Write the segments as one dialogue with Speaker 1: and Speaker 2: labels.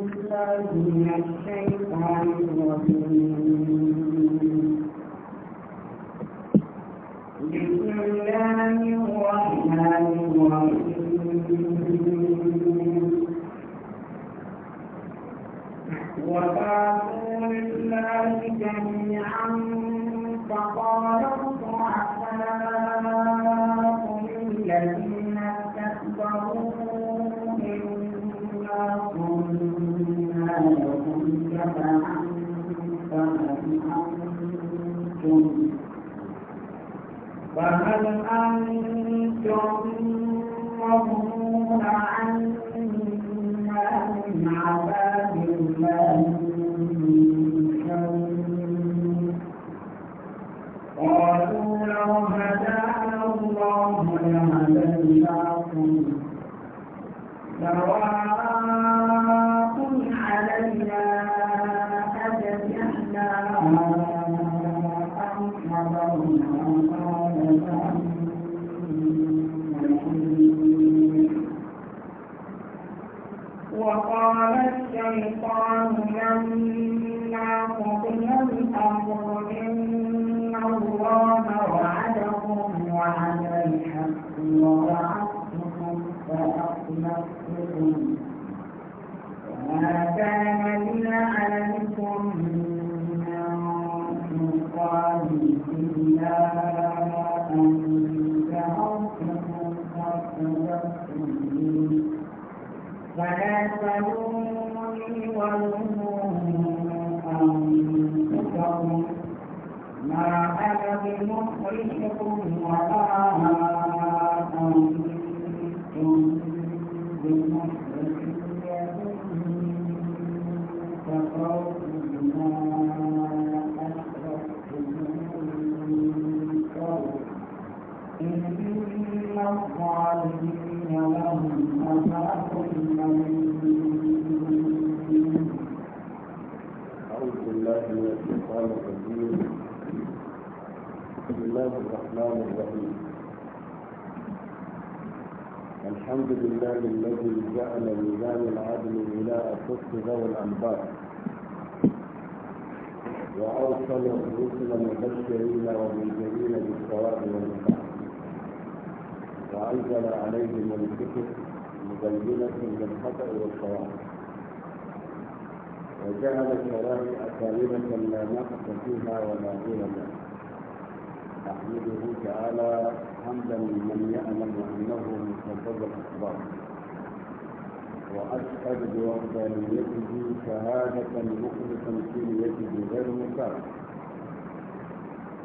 Speaker 1: الله من الشيطان الرجيم بسم الله الرحمن الرحيم وقالوا لله جميعا فقال الضعفاء tuntun ba hannun an yi kyau
Speaker 2: الرحيم الحمد لله الذي جعل ميزان العدل ولاء الصدق ذوي الانبار وارسل الرسل مبشرين ومنذرين بالثواب والنفاق وانزل عليهم الكتب مبينه للخطا والصواب وجعل الشرائع كلمه لا نقص فيها ولا ظلم نحمده تعالى حمدا لمن يعلم انه مسبب الاخبار واشهد بوحدانيته شهاده مخلصا في نيته غير مسافر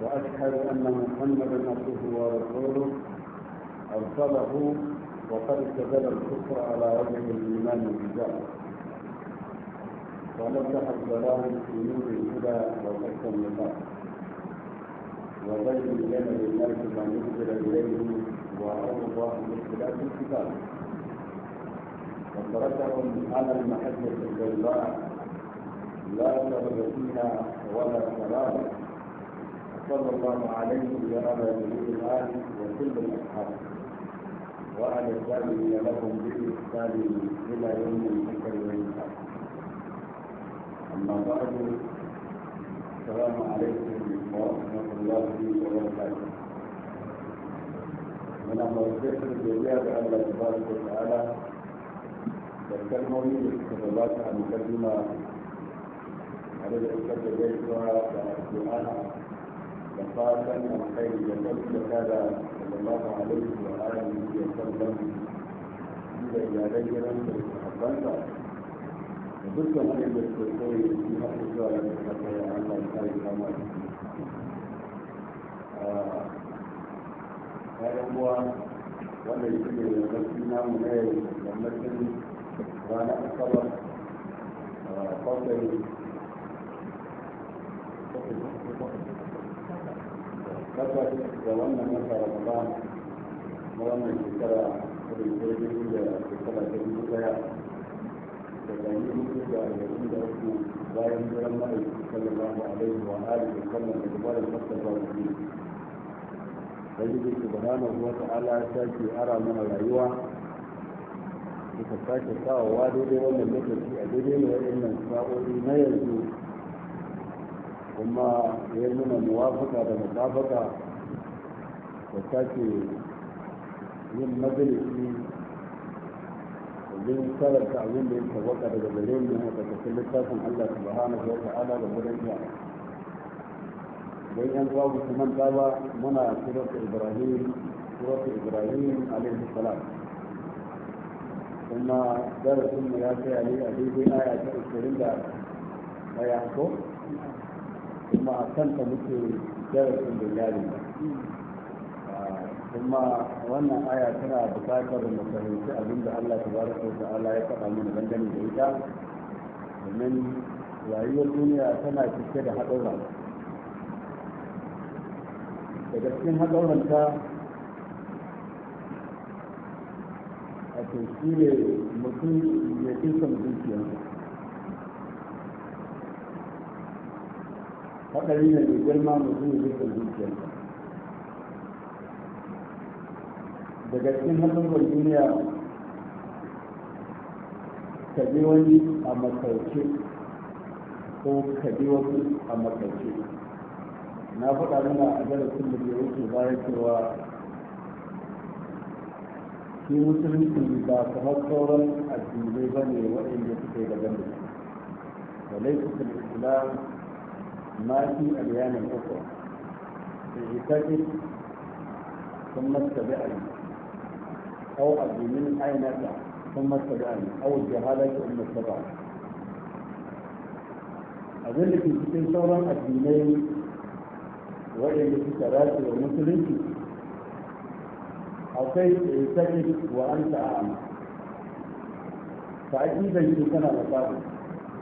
Speaker 2: واشهد ان محمدا عبده ورسوله ارسله وقد ابتدل الكفر على وجه الايمان بالجاه ونصح الضلال في نور الهدى وكف النفاق وبين لنا للناس ما نزل اليه وارضى باختلاف الكتاب وتركهم على المحبه البيضاء لا ترد فيها ولا سلام صلى الله عليه ابا جميع الآل وكل الأصحاب وعلى التابعين لهم بإحسان إلى يوم الذكر والإنسان أما بعد السلام عليكم dukkan wani da suke kawai yanzu na kusurwa da suka kai a hannun kayan kama da su kayan uwa wanda ya ke yammacin namu na yau yammacin ranar asabar bakwai tabbas da wannan wata ramadan na wannan shekara kudin jirgin da shekara ta yi daya da ɗari hudu da arba'in da uku bayan jiran mara yi alaihi wa alihi wa sallam da dubarar masa zuwa ubangiji subhanahu wa ta'ala ya sake ara mana rayuwa suka sake kawowa daidai wannan lokaci a daidai na waɗannan sa'o'i na yanzu kuma ya nuna muwafaka da musabaka da sake yin majalisi wajen karanta abin da ya sabaka daga gare mu a ƙarƙashin littafin Allah subhanahu wa ta'ala da gudan بين أنفاق ثمان تابع منع سورة إبراهيم سورة إبراهيم عليه السلام ثم درس الملاك علي أبي بن آية الكريمة آية ويعقوب ثم أحسنت مثل من بالله آه، ثم وانا آية سنة بطاقة المسلمين أبن الله تبارك وتعالى يقطع من بندن بيتا ومن رأي الدنيا سنة تشتري حق الله daga cikin haɗauranta a to ne mutum ya fi son haɗari ne mai girma mutum ya fi son daga cikin haɗauran duniya ka bi wani a makauce ko ka bi wani a makauce na faɗa mana a darasin da ya wuce baya cewa shi musulunci ba kamar sauran addinai ba ne waɗanda suka yi daban da su walaisu da islam ma fi aliyanin ukwa da hikakin sun mastabi'ani au addinin ainata sun mastabi'ani au jahala ta umar saba'a abin da ke cikin sauran addinai waɗanda suka dace da musulunci akwai tsaye wa an ta'ama ta aƙidar shi tana da tsari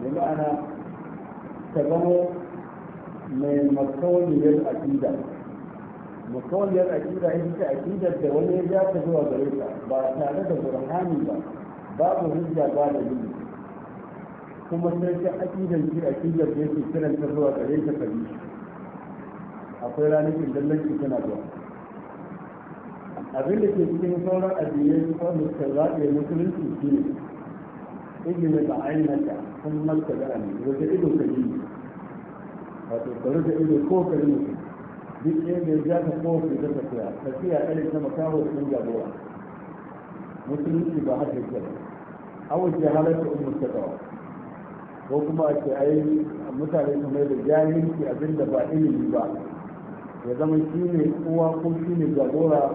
Speaker 2: da ma'ana ta zama mai makawaniyar aƙida makawaniyar aƙida ya ce aƙidar da wani ya ta zuwa gare ta ba tare da burhani ba babu hujja ba da yi kuma sai ta aƙidar shi aƙidar da yake kiran ta zuwa gare ta kabi akwai ranakin indallanci suna zuwa abin da ke cikin sauran addinai ko mustazaɓe musulunci shi ne ilimin da ainihinka sun masta da ne wata ido ka yi wato ka da ido ko ka yi mutum duk ɗaya da ya ka ko ka ta tafiya tafiya ɗari ta makaho sun jagora musulunci ba haka yake ba awon ke halarta in ta ko kuma a ce a ai mutane su mai da jahilci abin da ba ilimi ba ya zama shi ne uwa ko shi ne jagora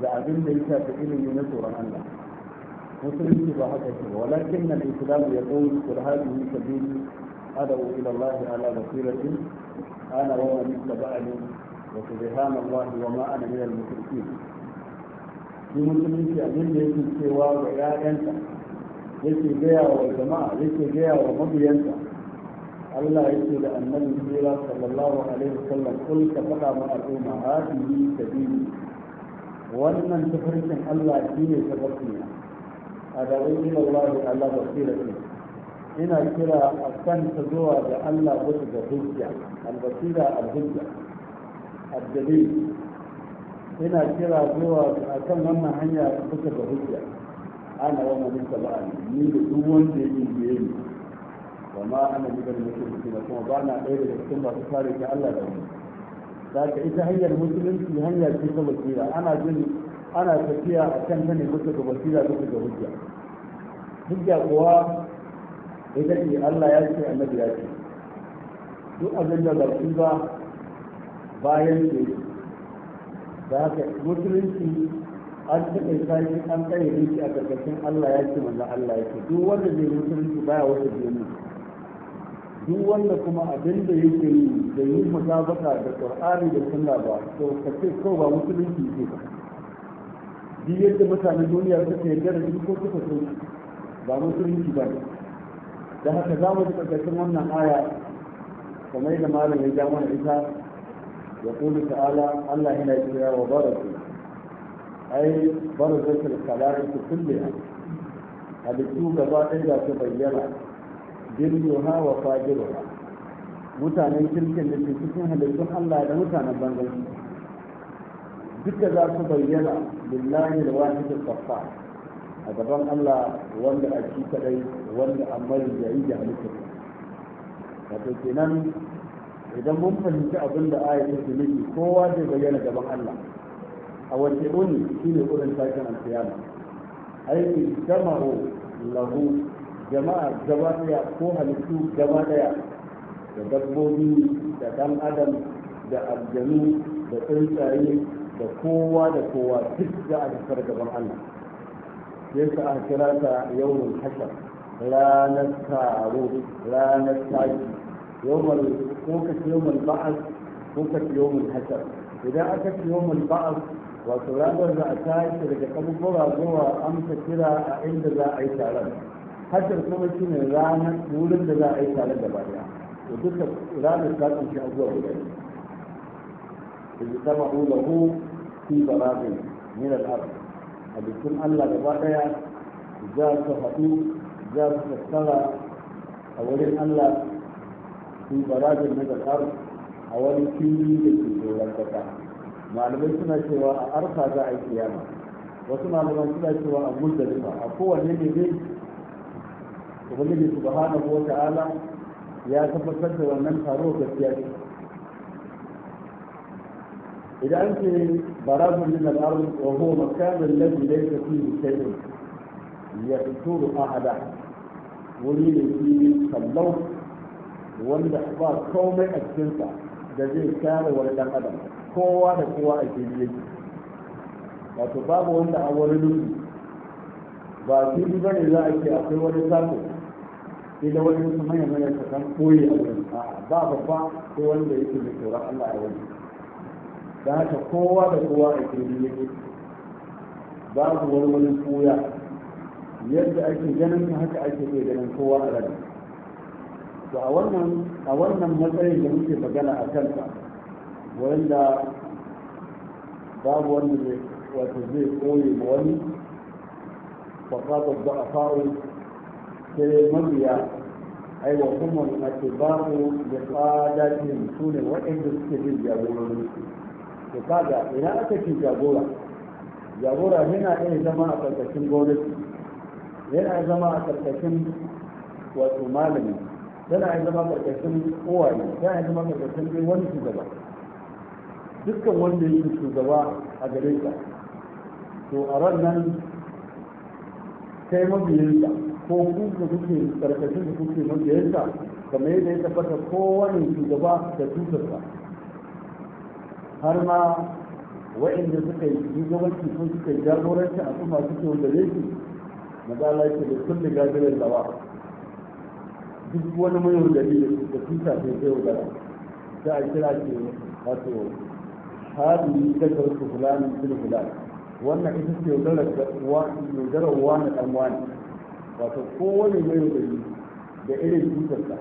Speaker 2: da abin da ya shafi ilimi na tsoron Allah musulunci ba haka ce walakin nan islamu ya tsawo kul hadhihi sabili ad'u ila Allah ala basiratin ana wa man tabi'ani wa subhana Allah wa ma ana min al-mushrikeen shi musulunci abin da yake cewa ga ƴaƴanta yake gaya wa jama'a yake gaya wa mabiyansa Allah ya ce da annabi sura sallallahu alaihi wasallam kul ka faɗa ma al'umma hadihi sabili wannan tafarkin Allah shine tafarkina a da wani Allah Allah basira ina kira a kan ta zuwa da Allah wata da hujja albasira alhujja addalil ina kira zuwa a kan wannan hanya wata da hujja ana wannan bisa ba'ani ni da duk wanda yake biye ni wa ma ana gidan musulunci da kuma ba na ɗaya daga cikin masu kare ta Allah da wani da ka ita hanyar musulunci hanya ce ta basira ana jin ana tafiya a kan ta ne bisa ga basira bisa ga hujja hujja kuwa ita ce Allah ya ce annabi ya ce duk abin da ba su ba bayan ce da haka musulunci an taɓa kashi an tsaye shi a ƙarƙashin Allah ya ce manzo Allah ya ce duk wanda zai musulunci baya wata jini duk wanda kuma abin da yake yi da yi musabaka da qur'ani da sunna ba to ce ko ba musulunci ke ba duk yadda mutanen duniya suka yarda da duk ko suka so ba musulunci ba da haka za mu ƙarƙashin wannan aya kamar da malam ya ja mana ita ya kuma ta'ala Allah yana kira wa baratu ai su kala'i kulliha halittu gaba ɗaya da su bayyana dilluha wa fajiruha mutanen kirkin da ke cikin halittun Allah da mutanen banzan duka za su bayyana lillahi da wahidul qahhar a gaban Allah wanda a shi kadai wanda a yayi da halittar wato kenan idan mun fahimci abin da aya take nufi kowa zai bayyana gaban Allah a wace uni shine urin sakin alkiyama ai jama'u lahu jama'a gaba daya ko halittu gaba daya da dabbobi da dan adam da aljanu da tsuntsaye da kowa da kowa duk za a fitar gaban Allah sai ka a kira ta yawon hashar ranar taro ranar taki yawon ko ka ce yawon ba'as ko ka ce yawon hashar idan aka ce yawon ba'as wato ranar za a tashi daga kabubura zuwa amsa kira a inda za a yi taron hajjar kuma shi ne ranar wurin da za a yi tare da baya da duka ranar ta kunshi abuwa guda ne da ta ma'u da hu fi ne da ta a bikin allah gaba daya za su haɗu za su tattara a wurin allah fi ne da ta a wani fili da ke da kasa malamai suna cewa a arfa za a yi kiyama wasu malaman suna cewa a muzdalifa a kowanne ne dai ubangiji subhanahu wa ta'ala ya tabbatar da wannan taro gaskiya ne idan ce barazun min al-ard wa huwa makan alladhi laysa fihi shay'un yaqturu ahada wuri ne shi kallau wanda ba komai a cikinsa da zai kare wani dan adam kowa da kowa a fili yake wato babu wanda a wani nufi ba fili ba ne za a ce akwai wani sako sai da wani su manya manya ka san koyi a wurin a'a ba babba ko wanda yake mai tsoron Allah a wani da haka kowa da kowa a kirmi yake babu wani wani koya yadda ake ganin haka ake iya ganin kowa a rana to a wannan a wannan matsayin da muke magana a kanta wanda babu wanda zai wato zai koye ma wani fasatar da a sai mabiya ai wa kuma al-atiba'u bi qadatin sune waɗanda suke bin jagororin su to kaga ina aka ci jagora jagora yana iya zama a ƙarƙashin gwamnati yana zama a ƙarƙashin wato malami yana iya zama ƙarƙashin uwaye yana iya zama karkashin dai wani shugaba dukkan wanda yake shugaba a gare ka to a ran nan kai mabiyinsa ko kuka kuke karkashin da kuke mabiyansa kamar yadda ya tabbata kowane shugaba da tutarsa har ma wa'inda suka yi shugabanci sun suka jagoranci a kuma suke wanda zai na mazala ce da sun kulle da dawa duk wani da biyu da tuta sai sai wadara za a kira ce wato hadu daga fulani bin fulani wannan ita ce yaudarar wani ɗan wani wato kowane mai gari da irin tutarsa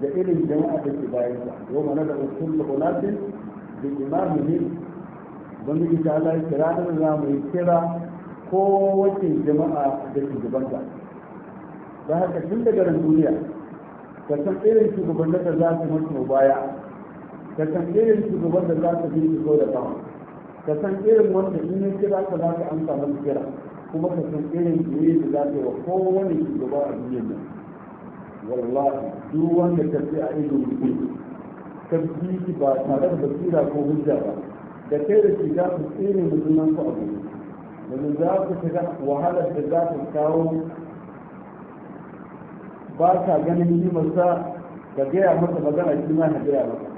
Speaker 2: da irin jama'a da ke bayansa yau mana da usul da kulatin da imamu ne ubangiji ta Allah ya kira da za mu yi kira kowace jama'a da shugabanta da haka tun daga ran duniya ka san irin shugaban da za su mutu baya ka san irin shugaban da za su yi su da kama ka san irin wanda in ya kira ka za ka amsa masa kira kuma ka san irin koyi da za ta yi wa kowane shugaba a duniyar nan wallahi duk wanda ta fi a ido mutum ta bi ba tare da basira ko hujja ba da kai da shi za ku tsere mutunan ku a gobe domin za ku shiga wahalar da za ku kawo ba ta ganin himarsa ka gaya masa magana shi ma na gaya masa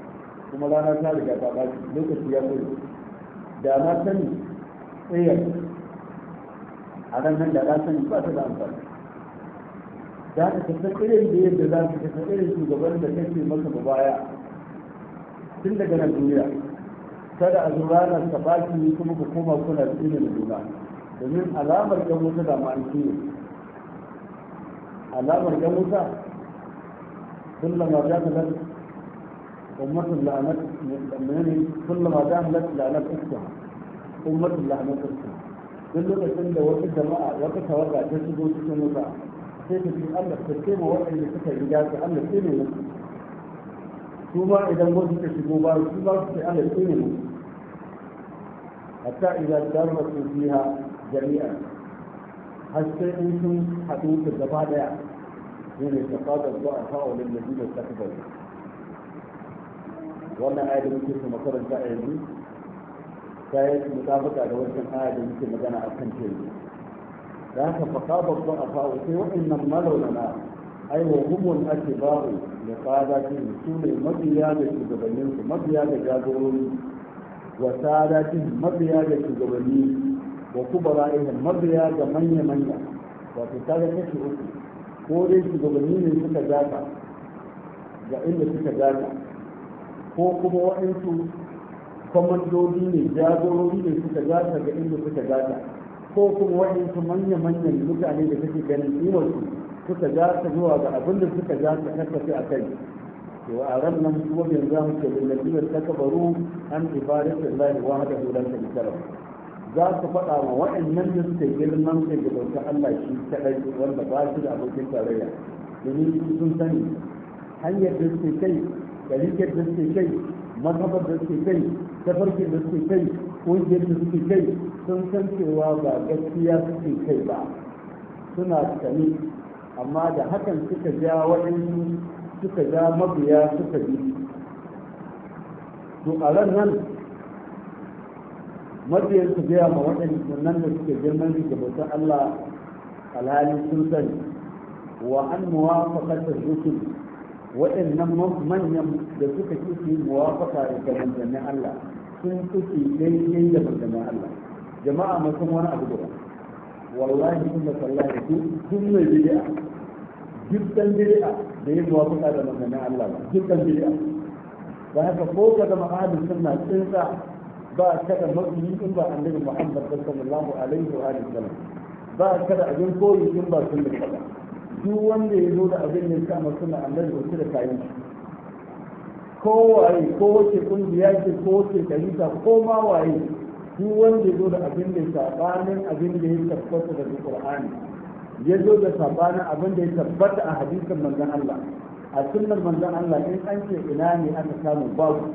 Speaker 2: kuma rana ta riga ta ɓaci lokaci ya gudu da na sani tsayar a ranar da rasan ba ta da amfani za ka kasa irin da yadda za ka kasa irin shugaban da kake maka ba baya tun daga na duniya kada a zura na ka ne kuma ku koma kuna tsinin juna domin alamar ɗan wuta da ma'anci ne alamar ɗan wuta kullama za ka zan ummatin la'anar menene kullama za ka la'anar ukhtaha ummatin la'anar ukhtaha duk lokacin da wata jama'a wata tawaga ta shigo cikin wuta sai ta ce Allah ta ce ma waɗanda suka yi su Allah ce ne musu su ma idan wasu ta shigo ba su ba su ce Allah ce ne musu hatta idan darba su fiha jami'a har sai in sun haɗu da gaba daya yana ta fadar zuwa a fa'olin da biyu da ta fi wannan ayat da muke su makaranta a yanzu ta yi mutabaka da wancan aya da muke magana a kan teku da haka faka babban afa'u sai waɗannan malaunana ai wa humun ake babu da tsada su ne mabiya da shugabanninsu mabiya da jagorori wa tsada mabiya da shugabanni wa kubara ihin mabiya da manya-manya wato kaga kashi uku ko dai shugabanni ne suka gata ga inda suka gata ko kuma wa'ansu kwamandodi ne jagorori ne suka gasa ga inda suka gata, ko kuma waɗansu manya-manyan mutane da suke ganin imarsu suka gasa zuwa ga abin da suka gasa tafi-tafi a kai to a ran nan kuma yanzu za mu ce lallabiyar ta kabaru an ibadatar lahi wa hada hulan ta bisara za su faɗa wa waɗannan da suka girman kai da bautar Allah shi kaɗai wanda ba su da abokin tarayya domin sun sani hanyar da suke kai da da suke kai mazhabar da suke kai tafarkin da suke kai ko da suke kai sun san cewa ba gaskiya suke kai ba suna sani amma da hakan suka ja waɗansu suka ja mabiya suka bi to a ran nan mabiyan su gaya ma waɗansu nan da suke girman da bauta Allah alhali sun sani wa an muwafaqatar rusul waɗannan manyan da suka ci su yi muwafaka da manzannin Allah sun suke daidai da manzannin Allah jama'a mai san wani abu daban wallahi kun da sallahi ku kun mai bid'a duk dan bid'a da yin muwafaka da manzannin Allah ba duk dan bid'a da haka ko ka zama ahlus sunna tsinsa ba ka da mabiyi in ba annabi Muhammad sallallahu alaihi wa sallam ba ka da abin koyi in ba sunna ba duk wanda ya zo da abin da ya kama suna annabi wasu da kayi shi kowaye ko wace kungiya ce ko wace kalita ko ma waye duk wanda ya zo da abin da ya sabanin abin da ya tabbata daga qur'ani ya zo da sabanin abin da ya tabbata a hadisin manzon Allah a sunnar manzon Allah in an ce ina ne aka samu babu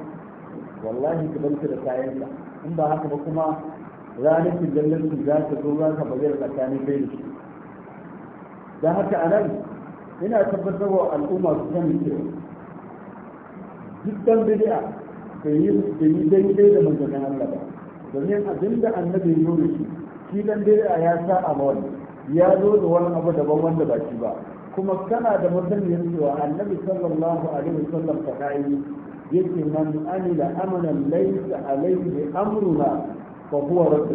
Speaker 2: wallahi ka bar da kayan in ba haka ba kuma ranar jallar za ta zo za ka bazai tsakanin bai da shi da haka a nan ina tabbatar wa al'umma su kan cewa duk dan bid'a bai yi daidai da manzannin Allah ba domin abin da annabi ya zo da shi shi dan bid'a ya sa a mawani ya zo da wani abu daban wanda ba shi ba kuma kana da masaniyar cewa annabi sallallahu alaihi wasallam ta kai yake man amila amalan laysa alaihi amruna fa huwa rabb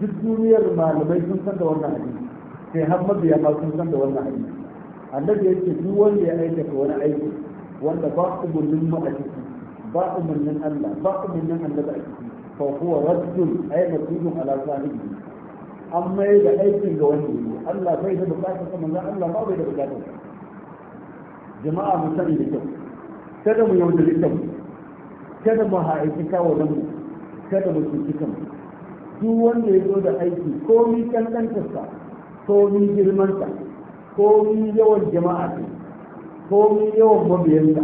Speaker 2: duk duniyar malamai sun san da wannan hadisi sai har mabiya ma sun san da wannan aiki annabi yake duk wanda ya aikata wani aiki wanda ba ku mu a ciki ba umurnin Allah ba umurnin annabi a ciki fa huwa raddun ay masudun ala sahibi amma mai da aikin ga wani yi Allah bai da bukatar sa manzo Allah ba bai da bukatar jama'a mu sani da kyau kada mu yaudare kanmu kada mu haifi kawo mu kada mu cuci kanmu duk wanda ya zo da aiki komi kankantarsa komi girmansa komi yawan jama'a ne komi yawan ta,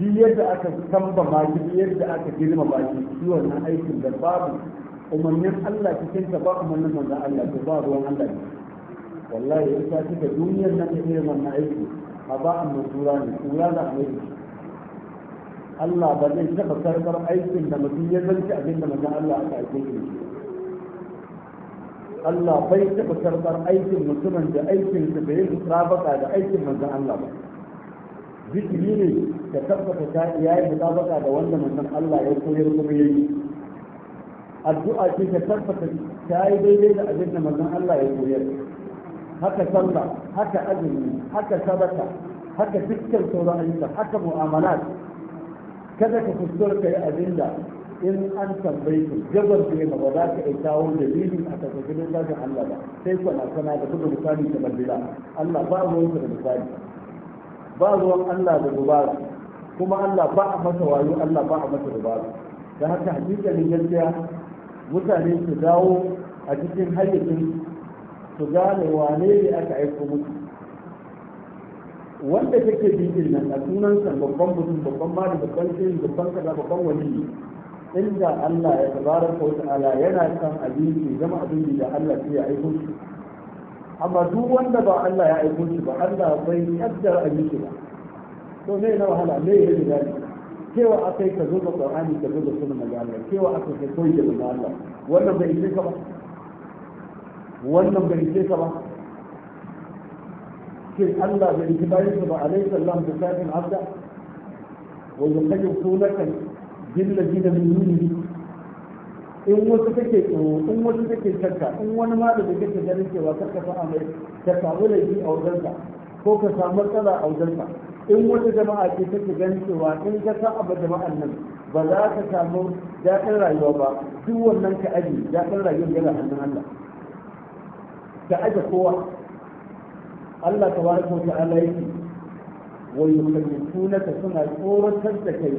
Speaker 2: duk yadda aka tamba baki duk yadda aka girma baki shi wannan aikin da babu umarnin Allah cikin ta ba umarnin manzo Allah to ba ruwan Allah ne wallahi in ta cika duniyar nan ta irin wannan aiki a ba a mutura ne kura da amai Allah ba zai taba karɓar aikin da mutum ya zanci abin da manzon Allah aka aike shi Allah bai taɓa karɓar aikin mutumin da aikin su bai musabaka da aikin manzon Allah ba zikiri ne da tabbata ta yayi musabaka da wanda manzon Allah ya koyar kuma yayi addu'a ce ta tabbata ta yi daidai da abin da manzon Allah ya koyar haka sallah haka azumi haka sabata, haka dukkan sauran ayyuka haka mu'amalat kada ka kuskura kai abin da in an tambaye ku jabar ne ba za ka iya kawo dalilin a takardun zagin Allah ba sai na kwana da kuma misali ta bandila Allah ba ruwan da misali ba ruwan Allah da dubara kuma Allah ba a masa wayo Allah ba a masa dubara da haka hakikalin gaskiya mutane su dawo a cikin hayyacin su gane wane ne aka aiko musu wanda take bibin nan a sunan sa babban mutum babban mali babban shehi babban kaza babban wani inda Allah ya tabaraka wa ta'ala yana son abinci zama abinci da Allah sai ya aiko shi amma duk wanda ba Allah ya aiko shi ba Allah bai kaddara abinci ba to me na wahala me ya yi dadi cewa akai ka zo da Qur'ani ka zo da sunan Allah cewa akai ka koyi da Allah wannan bai ishe ka ba wannan bai ishe ka ba shin Allah bai ishe bayan ba alaihi sallam da kafin abda wa yuqayyidu laka billahi da min yi in wasu take tsoro in wasu take shakka in wani ma da take ganin cewa karka fa amai ka samu laifi a wajenka ko ka samu matsala a wajenka in wata jama'a ce take ganin cewa in ka sa abu jama'an nan ba za ka samu daɗin rayuwa ba duk wannan ka aji daɗin rayuwar yana hannun Allah ka aje kowa Allah tabaraka wa ta'ala yake wa yukallifuna suna tsoratar da kai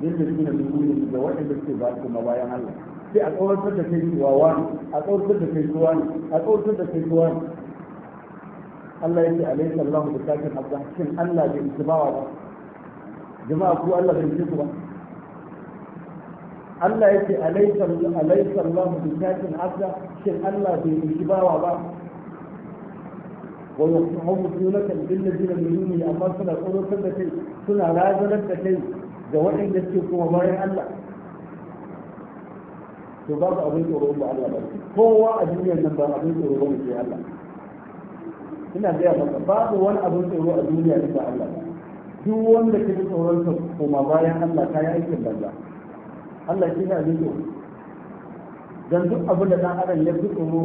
Speaker 2: yadda su da su da waɗanda suke ba kuma bayan Allah sai a tsawartar da kai zuwa wani a tsawartar da kai zuwa ne a tsawartar da kai zuwa ne Allah ya ce alaihi sallahu da sakin abda shin Allah bai isi bawa ba jama'a ku Allah bai isi ku ba Allah ya ce alaihi sallahu da sakin abda shin Allah bai isi bawa ba ويقطعون دونك بالذين من amma suna سنة da kai? Suna لا da kai. ga waɗanda suke kuma bayan Allah to ba su abin tsoron ba Allah ba kowa a duniyar nan ba abin tsoro ba sai Allah ina gaya maka babu wani abin tsoro a duniya ne ba Allah ba duk wanda ke da tsoron sa kuma bayan Allah ta yi aikin banza Allah shi ne abin tsoro dan duk abin da dan adam ya fi tsoro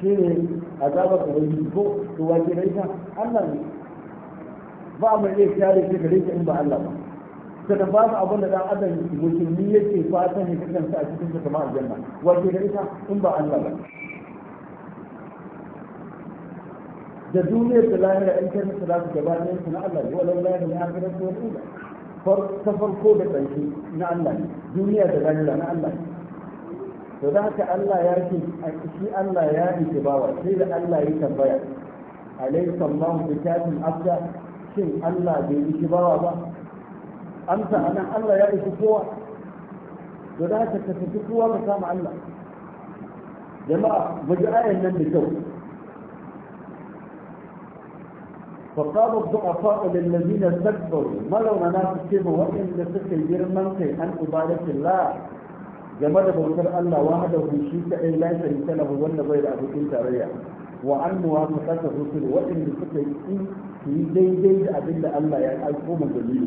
Speaker 2: shine azabar ubangiji ko to wa ke rai Allah ne ba mu iya kare shi gare shi in ba Allah ba daga ba su abin da dan adam musulmi yake fatan ya kasance a cikin kama aljanna wace da ita in ba Allah ba da duniya da lahira in kai su za su gaba ɗayan su na Allah ne walau lahira ne akira su wani ila ta farko da ƙarshe na Allah ne duniya da lahira na Allah ne to da haka Allah ya ce shi Allah ya ce bawa sai da Allah ya tambaya alaysa Allahu bi kafin abda shin Allah bai yi bawa ba amsa anan Allah ya isi kowa to da haka tafi kowa ka samu Allah jama'a mu ji ayan nan da kyau فقال الضعفاء للذين استكبروا ما لو انا كتبه وان لسك جرمان كي ان ابارك الله جمال بوتر الله وحده في شيء لا شريك له ولا غير ابو تريا wa an muwa fasata rusul waɗanda suka yi su yi daidai da abin da Allah ya aiko manzanni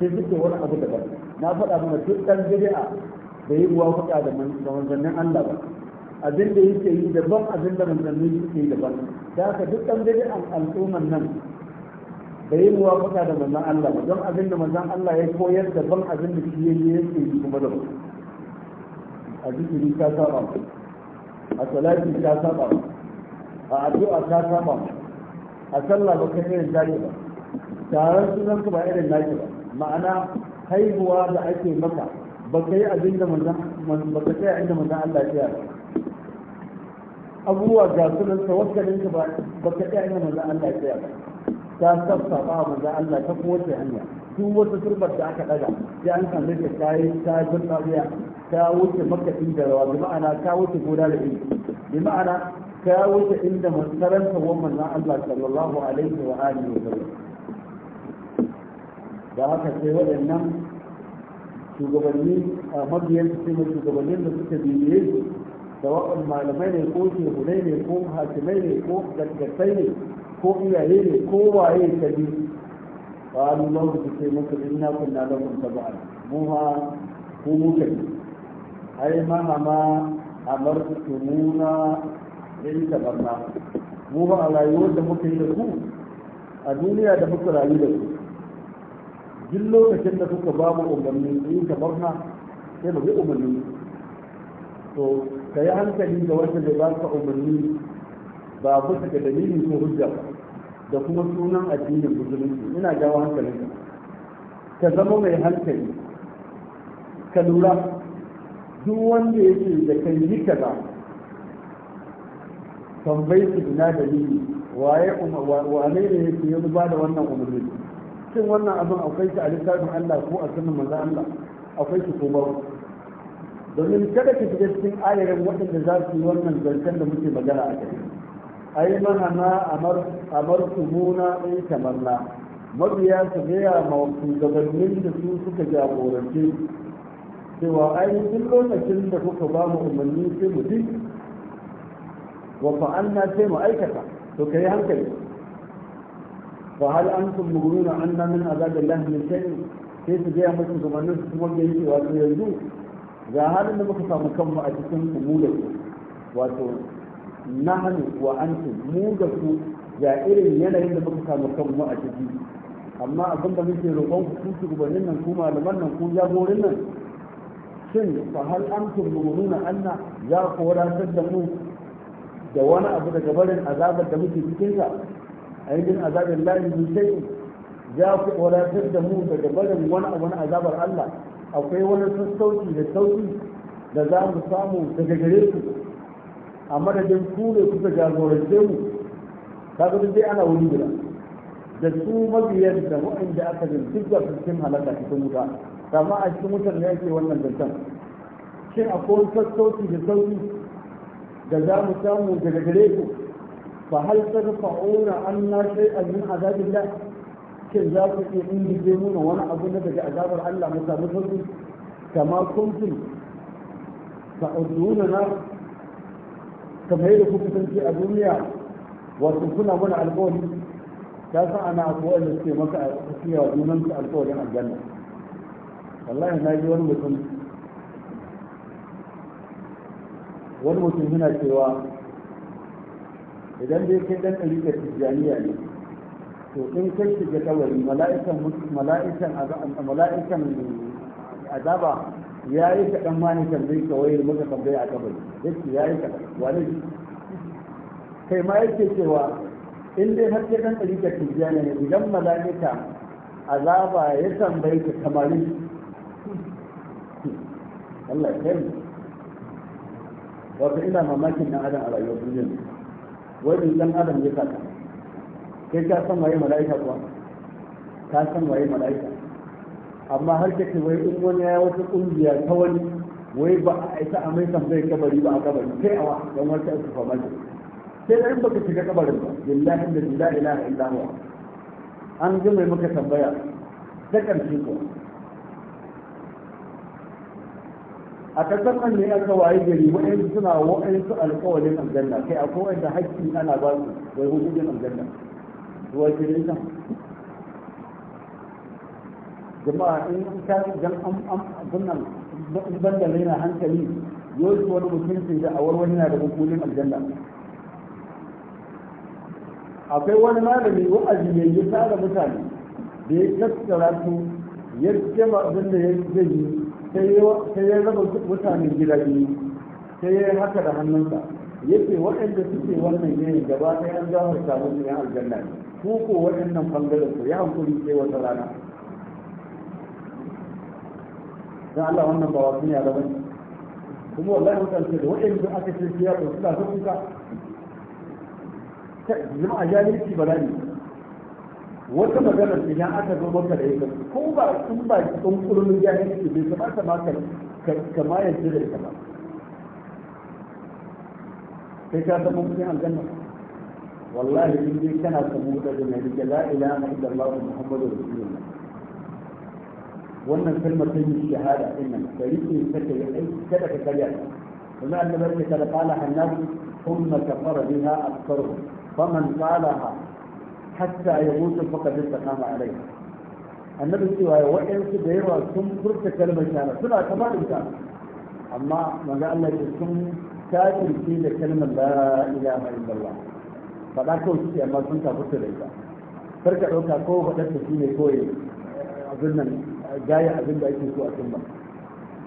Speaker 2: sai suke wani abu daban na faɗa mana duk ɗan bid'a da yi ruwa faɗa da manzannin Allah ba abin da yake yi daban abin da manzanni suke yi daban da haka duk ɗan bid'an al'umman nan da yi ruwa faɗa da manzan Allah ba don abin da manzan Allah ya koyar daban abin da shi yake yi kuma daban a zikiri ta saba a salati ta saba a addu'a ta kama a sallah ba kai irin tare ba taron sunan ka ba irin naki ba ma'ana haihuwa da ake maka ba ka yi abin da manzan ba ka tsaya inda manzan Allah ya ba abubuwa ga sunan tawakkalin ka ba ba ka tsaya inda manzan Allah ya ba ta sassa ba manzan Allah ta kowace hanya duk wata turbar da aka daga sai an same ta yi ta zurfafiya ta wuce maka inda rawa bi ma'ana ta wuce gona da ilimi bi ma'ana ta wuce inda masaranta wannan na Allah sallallahu alaihi wa alihi wa sallam da haka sai waɗannan shugabanni a mabiyan su ne shugabannin da suka biye? su da waɗannan malamai ne ko shehunai ne ko hakimai ne ko gaggasai ne ko iyaye ne ko waye ta bi قالوا الله تكي ممكن إنا كنا لكم muka موها A ممكن أي a ما أمرتمونا ya yi tabarna mu ba a rayuwar da muka yi da ku a duniya da muka rayu da ku duk lokacin da kuka ba mu umarni ya yi tabarna sai mu bi umarni to ka yi hankali da wanda zai ba ka umarni ba bisa ga dalilin ko hujja da kuma sunan addinin musulunci ina jawo hankalin ka zama mai hankali ka lura duk wanda yake da kan yi kaza tambayi su da dalili waye wane ne yake yi ba da wannan umarni shin wannan abin akwai shi a littafin Allah ko a sunan manzo Allah akwai shi ko ba domin kada ki shiga cikin ayarin waɗanda za su yi wannan zancen da muke magana a kai ai mana ma amar amartu muna in kamarna mabiya su gaya ma su shugabannin da su suka jagorance cewa ai duk lokacin da kuka ba mu umarni sai mu duk wa fa'alna sai mu aikata to kai hankali fa hal antum mughruna anna min azabillahi min shay'in sai su ga mutum kuma nan su kuma ga yi wato yanzu ga halin da muka samu kanmu a cikin mu da ku wato nahnu wa antum mu da ku ga irin yanayin da muka samu kanmu a ciki amma abin da muke roƙon ku ku shugabannin nan ku malaman nan ku jagorin nan shin fa hal antum mughruna anna za ku wadatar da mu da wani abu daga barin azabar da muke cikinsa ainihin azabin lahi min shay'in za ku ƙoratar da mu daga barin wani abu na azabar Allah akwai wani sassauci da sauki da za mu samu daga gare ku a madadin ku ne kuka jagorance mu kaga duk dai ana wuri guda da su mabiyan da waɗanda aka jin duk da cikin halaka cikin wuta amma a cikin wutar ne ake wannan dantan shin akwai sassauci da sauki da za mu samu daga gare ku fa hal tadfa'una anna shay'an min azabillah shin za ku iya indige muna wani abu na daga azabar Allah mu samu sauki kama kuntum ta'uduna na kamar yadda kuka ce a duniya wato kuna mana alƙawari ta san ana abuwa da suke maka a cikin yawa junansu alƙawarin aljanna wallahi na ji wani mutum wani mutum yana cewa idan dai kai dan ɗariƙar tijjaniya ne to in kai shiga kawai mala'ikan mala'ikan azaba ya yi kaɗan ma ne tambayi kawai da muka tambayi a kabari ce ya yi kaɗan wani kai ma yake cewa in dai har kai dan ɗariƙar tijjaniya ne idan mala'ika azaba ya tambayi ka kamarin Allah ya kai wato ina mamakin dan adam a rayuwar duniya ne wani dan adam ya saka kai ka san waye mala'ika kuwa ka san waye mala'ika amma har ce wai in wani ya wata kungiya ta wani wai ba a isa a mai tambayar kabari ba a kabari kai awa dan wata fama mace sai dai baka shiga kabarin ba billahi da la ilaha illa an ji mai maka tambaya da karshe a kasar nan ne aka waye gari wa'yansu suna wa'yansu alƙawarin aljanna kai a kowai da haƙƙi ana ba su wai hukumin aljanna zuwa ke nisan jama'a in an kashi jan an ban da laina hankali yau wani mutum da a warwani na da hukumin aljanna akwai wani malami wa'azi ne ya tsara mutane da ya tattara su ya jama abin da ya zai yi sai ya raba mutane gida biyu sai ya haka da hannunsa ce waɗanda suke wannan yin gaba ɗaya an gafarta musu yan aljanna ne ku ko waɗannan bangaren ku ya hankuri sai wata rana dan Allah wannan ba wasu ne a gaban kuma wallahi mutane da waɗanda aka ce ya ko suna ta kuka jama'a jahilci bala ne wata magana idan aka zo maka da ita ko ba kun ba kun kullun ya yi ki bai kamata ma ka kama ya ji da ita ba sai ka zama mutum aljanna wallahi in dai kana samu da jami'i da la ilaha illallah muhammadur rasulullah wannan kalmar ta yi shahada din nan da rike ta ta yi aiki kada ka karya ta kuma annabi ya kada qala hannabi thumma kafara biha aktharuhum faman qalaha hatta ya mutu faka bin sakama alai annabi cewa ya waɗansu da yawa sun furta kalmar shahada suna ta ba da amma manzo Allah ya sun kafirce da kalmar la ilaha illallah faɗa kawai suke amma sun kafirta da ita karka ɗauka ko faɗar ta shi ne kawai abin nan gaya abin da ake so a cimma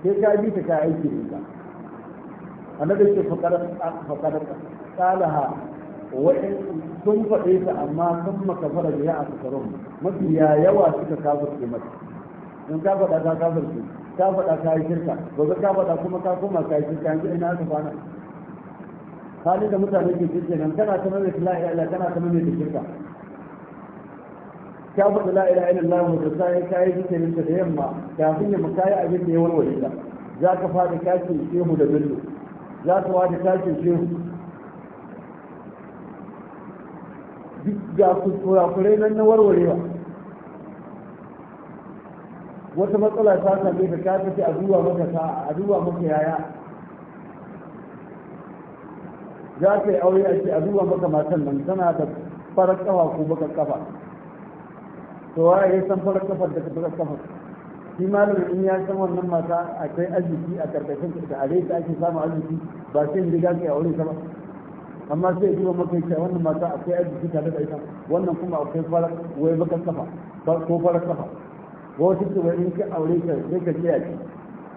Speaker 2: sai ka bi ta ka aiki da ita annabi ce faƙar faƙar qalaha wa'in sun faɗe ta amma sun maka fara da a sakarun mafi ya yawa suka kafirce mata in ka faɗa ka kafirce ka faɗa ka yi shirka gobe ka faɗa kuma ka koma ka yi shirka yanzu ina aka fana halin da mutane ke shirke nan kana ta mai la ilaha illa kana ta mai shirka ka faɗi la ilaha illa Allah mu da sai ka yi zikirin ta da yamma kafin ya muka yi abin da ya warware ka za ka faɗi kashin shehu da bello za ka faɗi kashin shehu duk ga kurakurai nan na warwarewa wata matsala ta same ka ta tafi a duba maka ta a duba maka yaya za ka yi aure a ce a duba maka matan nan tana da farar kafa ko baka kafa to wa ya san farar kafar da baka kafa shi malamin in ya san wannan mata kai arziki a karkashin ta a ta ake samun arziki ba sai in riga ka yi aure ta ba amma sai ya duba maka cewa wannan mata akwai arziki tare da ita wannan kuma akwai farar wai baka kafa ko farar kafa wata ce wai in ka aure ka sai ka kiyaye ki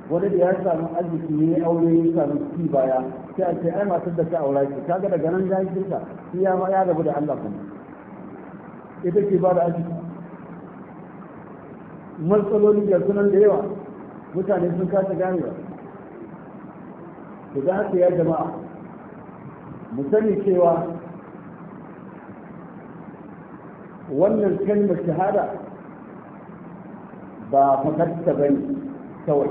Speaker 2: wani da ya samu arziki ne aure ya samu ci baya sai a ce ai matar da ka aura ki kaga daga nan ya yi ka shi ya ma ya rabu da Allah kuma ita ce ba da arziki matsaloli da sunan da yawa mutane sun kasa ganewa to da haka ya jama'a mu sani cewa wannan kalmar shahada ba fakatta ba ne kawai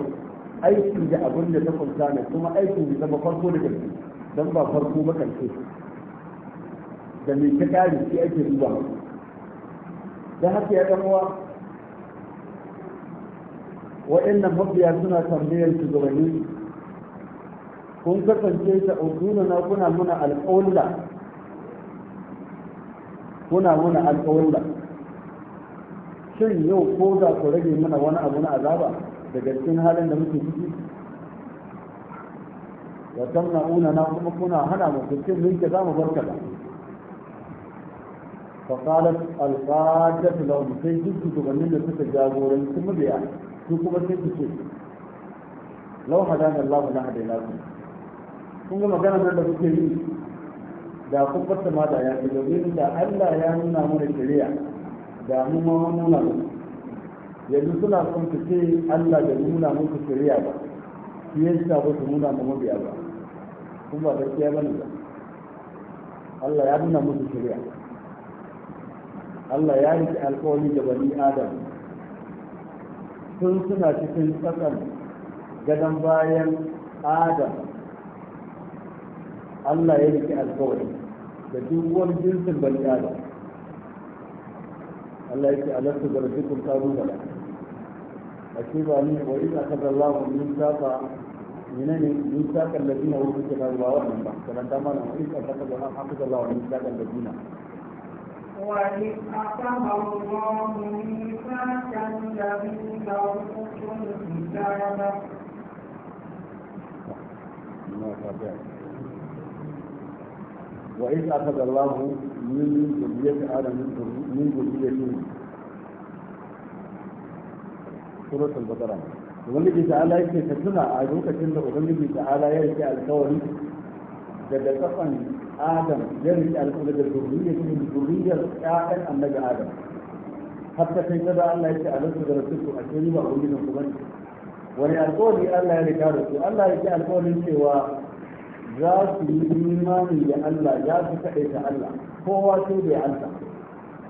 Speaker 2: aiki da abin da ta kunsa ne kuma aikin da zama farko da ƙarfi don ba farko ba ƙarfi da mai ta ƙari shi ake duba da haka ya ɗanuwa waɗannan mabiya suna tambayar shugabanni kun kasance ta ukuna na kuna muna alƙawalla kuna muna alƙawalla shin yau ko da ku rage muna wani abu na azaba daga cikin halin da muke ciki wa una na kuma kuna hana mu cikin mun za mu barka da fa al فقالت القادة لهم سي جدي تغنين لسكة جاغورين ثم بيع شو كما سي لو هدانا الله لهديناكم kun ga magana nan da kuke yi da kun fata ma da yaki domin da Allah ya nuna mana shari'a da mu ma mun nuna mu yanzu suna son su ce Allah da nuna muku shari'a ba shi ya sa ba su nuna mu mabiya ba kun ba gaskiya bane ba Allah ya nuna muku shari'a Allah ya yi alƙawari da bani Adam sun suna cikin tsakan gadon bayan Adam Allah ya rike alkawari da duk wani jinsin bani adam Allah yake alastu da taru da a ce ba ni wa idza kadallahu ne saqa minani da saqa alladina ke na ruwa wannan ba kana da mana wa idza kadallahu hafizallahu min saqa alladina da
Speaker 1: أخذ الله ميثاق الذين أوتوا الكتاب
Speaker 3: da
Speaker 2: وإذ أخذ الله من ذرية آدم من ذريته سورة البقرة ubangiji ta'ala yake ta a lokacin da ubangiji ta'ala ya rike alkawari daga kafan adam ya rike alkawari da zurriyar cikin zurriyar ƴaƴan annabi adam har ta kai kaza Allah ya ce a lantu da rasulku a cikin ba ubangijin wani Allah ya da su Allah ya cewa za su yi imani da Allah ya su ta Allah kowa sai da Allah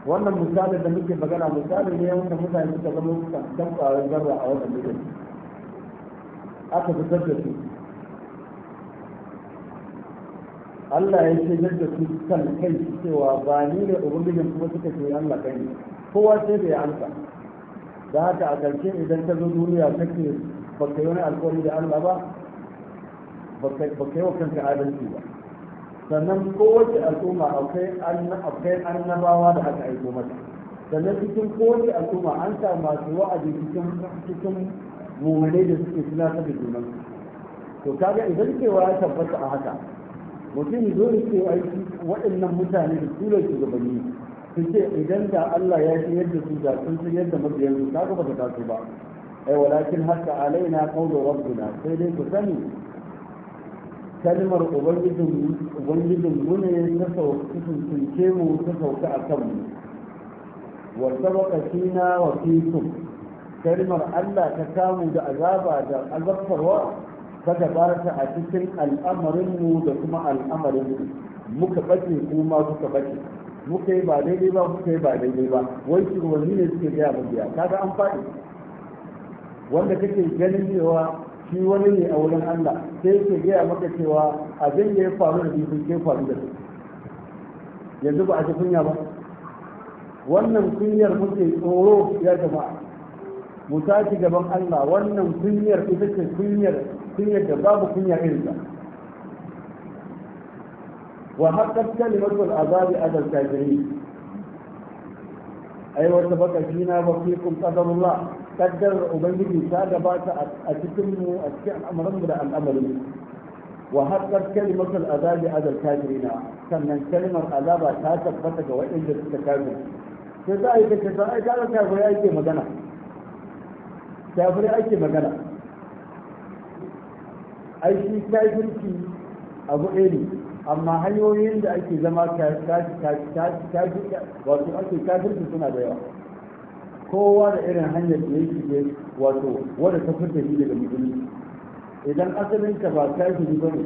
Speaker 2: wannan misalin da muke magana misali ne wanda mutane suka zama suka tabbawa zarra a wannan lokaci aka fitar da su Allah ya ce yadda su kan kai cewa ba ni da ubangijin kuma suka ce Allah kai ne kowa sai da ya amsa da haka a ƙarshe idan ta zo duniya kake baka yi wani alƙawari da Allah ba ba kai wa kanka adalci ba sannan kowace al'umma akwai annabawa da aka aiko mata sannan cikin kowace al'umma an samu masu wa'azi cikin cikin mummunai da suke ta da to kaga idan cewa ya tabbata a haka mutum dole ce aiki waɗannan mutane da tura shugabanni su ce idan da Allah ya yi yadda su da sun san yadda mabiyan su kaga ba ta taso ba ai walakin hatta alaina qawlu rabbina sai dai ku sani kalmar ubangijin mu ne ta sauke mu ta sauka a kanmu wa sabaka na wa fikum kalmar Allah ta kamu da azaba da azabtarwa ta gabata a cikin al'amarin mu da kuma al'amarin mu muka bace kuma kuka bace muka yi ba daidai ba muka yi ba daidai ba wai shugabanni ne suke gaya mu biya kaga an faɗi wanda kake ganin cewa shi wani ne a wurin Allah sai ke gaya maka cewa abin da ya faru da bisu ke faru da su yanzu ba a ci kunya ba wannan kunyar muke tsoro ya jama'a mu tashi gaban Allah wannan kunyar ita ce kunyar kunyar da babu kunya irin ta wa haqqat kalimatu al-azab ala al wata ay na tabaqina wa fiikum qadarullah kaddarar ubangiji ta gabata a cikin mu a cikin al'amuran mu da al'amari wa haqqat kalimatul azabi azal kafirina sannan kalmar azaba ta tabbata ga waɗanda suka kafir sai za a yi kace sai ka ga kafir ake magana kafir ake magana ai shi kafirci abu ɗaya ne amma hanyoyin da ake zama kafirci wato ake kafirci suna da yawa kowa da irin hanyar da yake wato wanda ta fita tafi daga musulunci idan asalin ka ba ta yi ba ne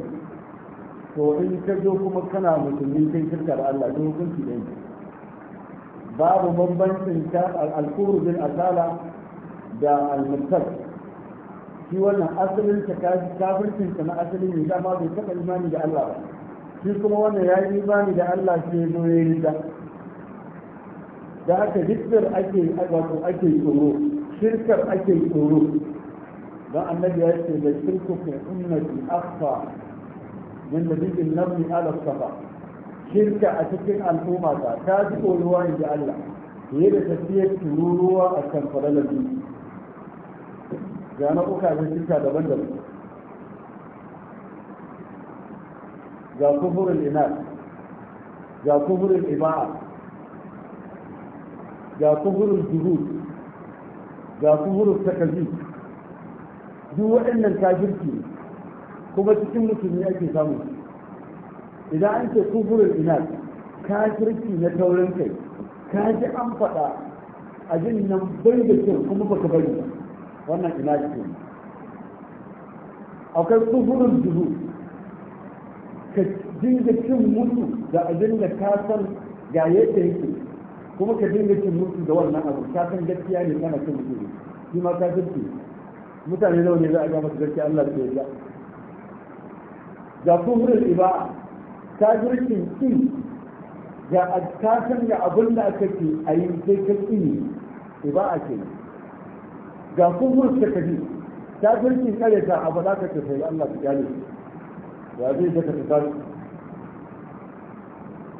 Speaker 2: to in ka zo kuma kana musulmi kai shirka da Allah don hukunci da babu bambancin ta al bin asala da al shi wannan asalin ta kafircin ka na asalin ne dama bai taɓa imani da Allah ba shi kuma wannan ya yi imani da Allah sai zo ya yi da haka hikmar ake wato ake tsoro shirkar ake tsoro don annabi ya ce da shirku fi unnati akfa min nabiyyin nabi ala safa shirka a cikin al'umma ta ta ji tsoruwa in ji Allah fiye da tafiyar tururuwa a kan falalar duniya ga kuka uka shirka daban-daban ga kufurin inar ga kufurin iba'a ga kuhurin juhud ga kuhurin takazi duk waɗannan kafirci kuma cikin musulmi ake samu idan an ce kuhurin ina kafirci na taurin kai ka ji an faɗa abin nan bai da kyau kuma baka bari ba wannan ina ce akwai kuhurin juhud ka dinga cin mutu da abin da ka san ga yadda yake kuma ka dinga cin mutu da wannan abu ka san gaskiya ne kana cin mutum shi ma ka gaske mutane nawa ne za a ga masu gaskiya Allah da ya ga kumrul iba ka girkin kin ga ka san ga abin da aka ce a yi sai ka ne, iba a ce ga kumrul ta kaji ta girkin kare ta abu da ka ce sai Allah ya gane ya zai ta ka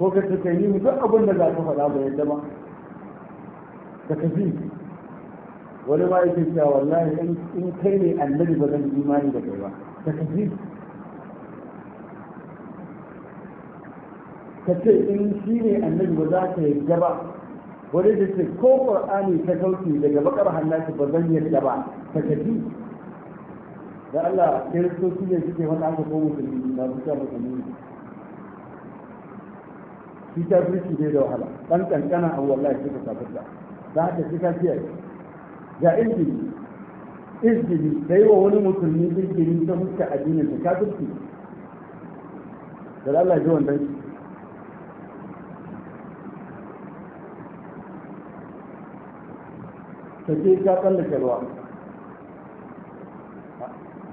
Speaker 2: ko ka tafi yi duk abin da za ka faɗa ba yadda ba ka tafi wani ma yake cewa wallahi in kai ne annabi ba zan yi imani da kai ba ka tafi ka ce in shi ne annabi ba za ka yadda ba wani da ce ko qur'ani ta kauce daga bakar hannatu ba zan yadda ba ka tafi da Allah kiristoci ne suke wani aka ko musulmi na suka musulmi fitar ta dai da wahala Dan kankana a wallahi sai ka kafirta za ka shi ka kiyaye ga izgiri izgiri da yi wa wani musulmi izgiri ta fuska addinin ta kafirci da Allah ji wannan shi sake ka tsallake ruwa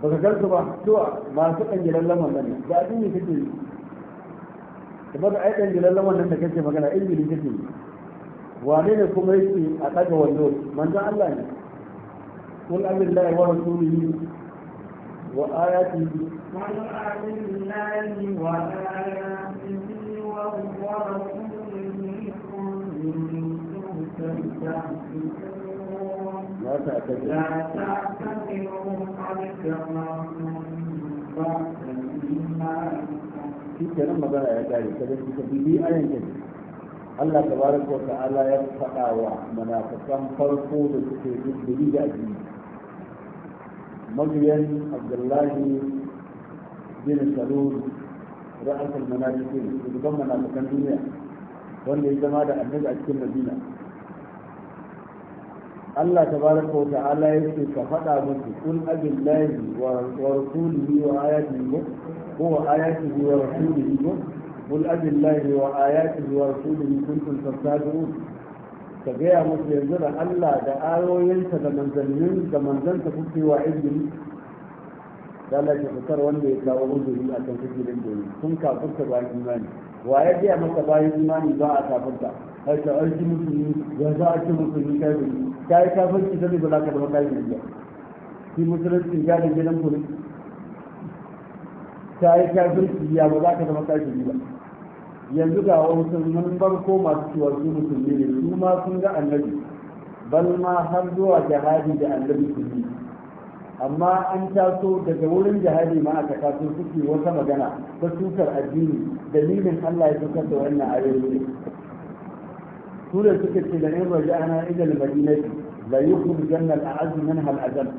Speaker 2: ba ka gansu ba cewa masu ɗan gidan lamar nan da addini kake yi kamar da aikin gilallan wannan da kake magana injili kake yi wane ne kuma yake a ɗaga wando manzan Allah ne kun amin wa rasulihi wa ayati yi
Speaker 1: تعتذروا لا تعتذروا قد كفرتم بعد الإيمان
Speaker 2: shi nan magana ya kare ta zai ta bibi ayan ke Allah tabaraka wa ta'ala ya faɗa wa manafikan farko da suke bibbiri da addini magiyan Abdullahi bin Salul ra'atul manafikin shugaban manafikan duniya wanda ya zama da annabi a cikin Madina Allah tabaraka wa ta'ala ya ce ka faɗa musu kun abillahi wa rasulihi wa ayatihi هو آياته ورسوله قل أبي الله وآياته ورسوله كنتم تستهزئون كجاء مسلم زر ألا دا آيوين تدمن زنين دمن زن تفكي وعدن قال لك فكر وان بيتلاو غزه أتن فكي لنجوي كن كافر تبا إيمان وآياتي أما تبا إيمان إذا أتافرتا هل سألت مسلمين وإذا أرش مسلمين كافر كاي كافر كتبه بلاك بلاك بلاك في مسلم تجاه جنم كله ta yi kafirci ya ba za ka zama kafiri ba yanzu ga wani sun farko masu cewa su musulmi ne su ma sun ga annabi bal ma har zuwa jihadi da annabi sun yi amma an taso daga wurin jihadi ma aka taso suke wata magana ta tukar addini dalilin Allah ya tukar da wannan ayoyi su da suka ce da in raja ana ila al-madinati la yukhrijanna al-a'azz minha al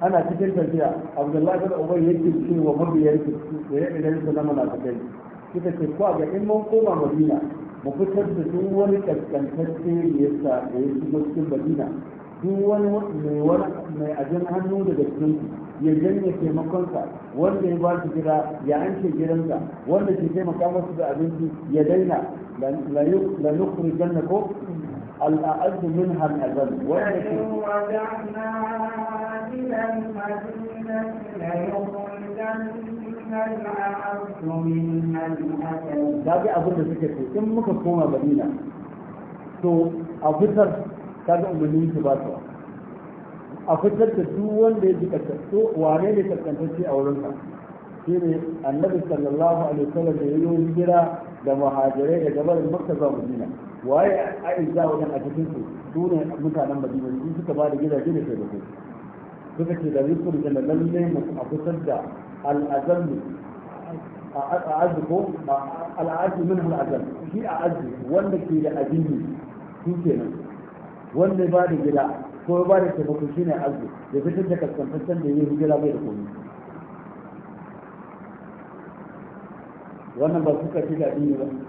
Speaker 2: ana cikin tafiya abdullahi bin ubay yake cewa mabiyarsa da ya idan su na munafikai suka ce kwa ga in mun koma madina mu fitar da duk wani kaskantacce ya sa ya shigo cikin madina duk wani mai wani mai ajin hannu daga cikin ya janye taimakonsa wanda ya ba su gida ya anke gidansa wanda ke taimaka masu da abinci ya daina la yukhrijanna ko الأعز منها الأذل وإن
Speaker 1: رجعنا إلى المدينة ليخرجن الأعز منها الأذل هذا
Speaker 2: أظن سكتي إن مكتوم مدينة to a fitar ta ga umarnin su ba ta a fitar da duk wanda ya ji kaskanto wane ne kaskantacce a wurinka shi ne annabi sallallahu alaihi wasallam da ya yi wani hijira da muhajirai da gabar makka zuwa madina waye aisha wajen a cikin su su ne mutanen madina su suka ba da gidaje da sai da suka ce da rizkun da lalle mu a kusar da al'azallu a ko al'azzu min shi wanda ke da su kenan wanda ba da gida ko ba da taimako da fitar da kaskantaccen da hijira bai da wannan ba suka ba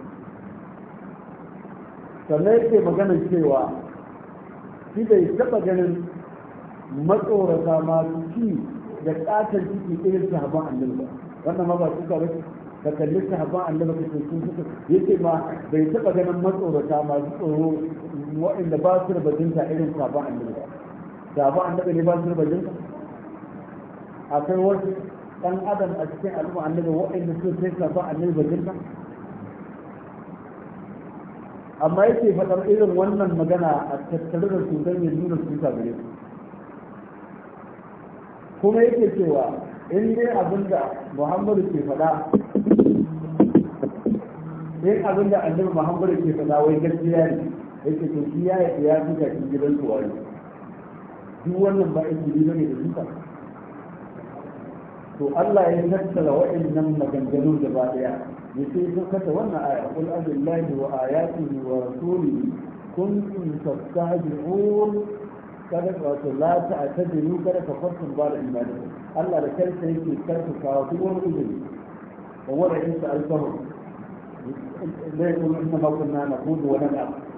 Speaker 2: sannan yake maganin cewa shi bai taɓa ganin matsorata masu ci da ƙatar ciki irin sahaban annabi ba wannan ma ba su ka bace ka kalli haɓar annabi ka ce sun suka yake ma bai taɓa ganin matsorata masu tsoro waɗanda ba su da bajinta irin haɓar annabi ba haɓar annabi ne ba su da bajinta akwai wasu ɗan adam a cikin al'umma annabi waɗanda su sai sahaban annabi bajinta amma yake faɗar irin wannan magana a tattare da su don ya nuna su ta gare su kuma yake cewa in dai abinda muhammadu ke faɗa in abinda annabi muhammadu ke faɗa wai gaskiya ne yake to shi ya ya fi ga gidan su wani duk wannan ba yake ne bane da duka to Allah ya tattara wa'annan maganganun gaba daya yake kata wannan aya qul abillahi wa ayatihi wa rasulihi kuntum tastahzi'un kada ka wato la ta'tadiru kada ka fassara ba da imani Allah da kansa yake karka kawo duk wani uzuri wa wala in sa'altahum la yaqulu inna ma kunna naqulu wa nad'a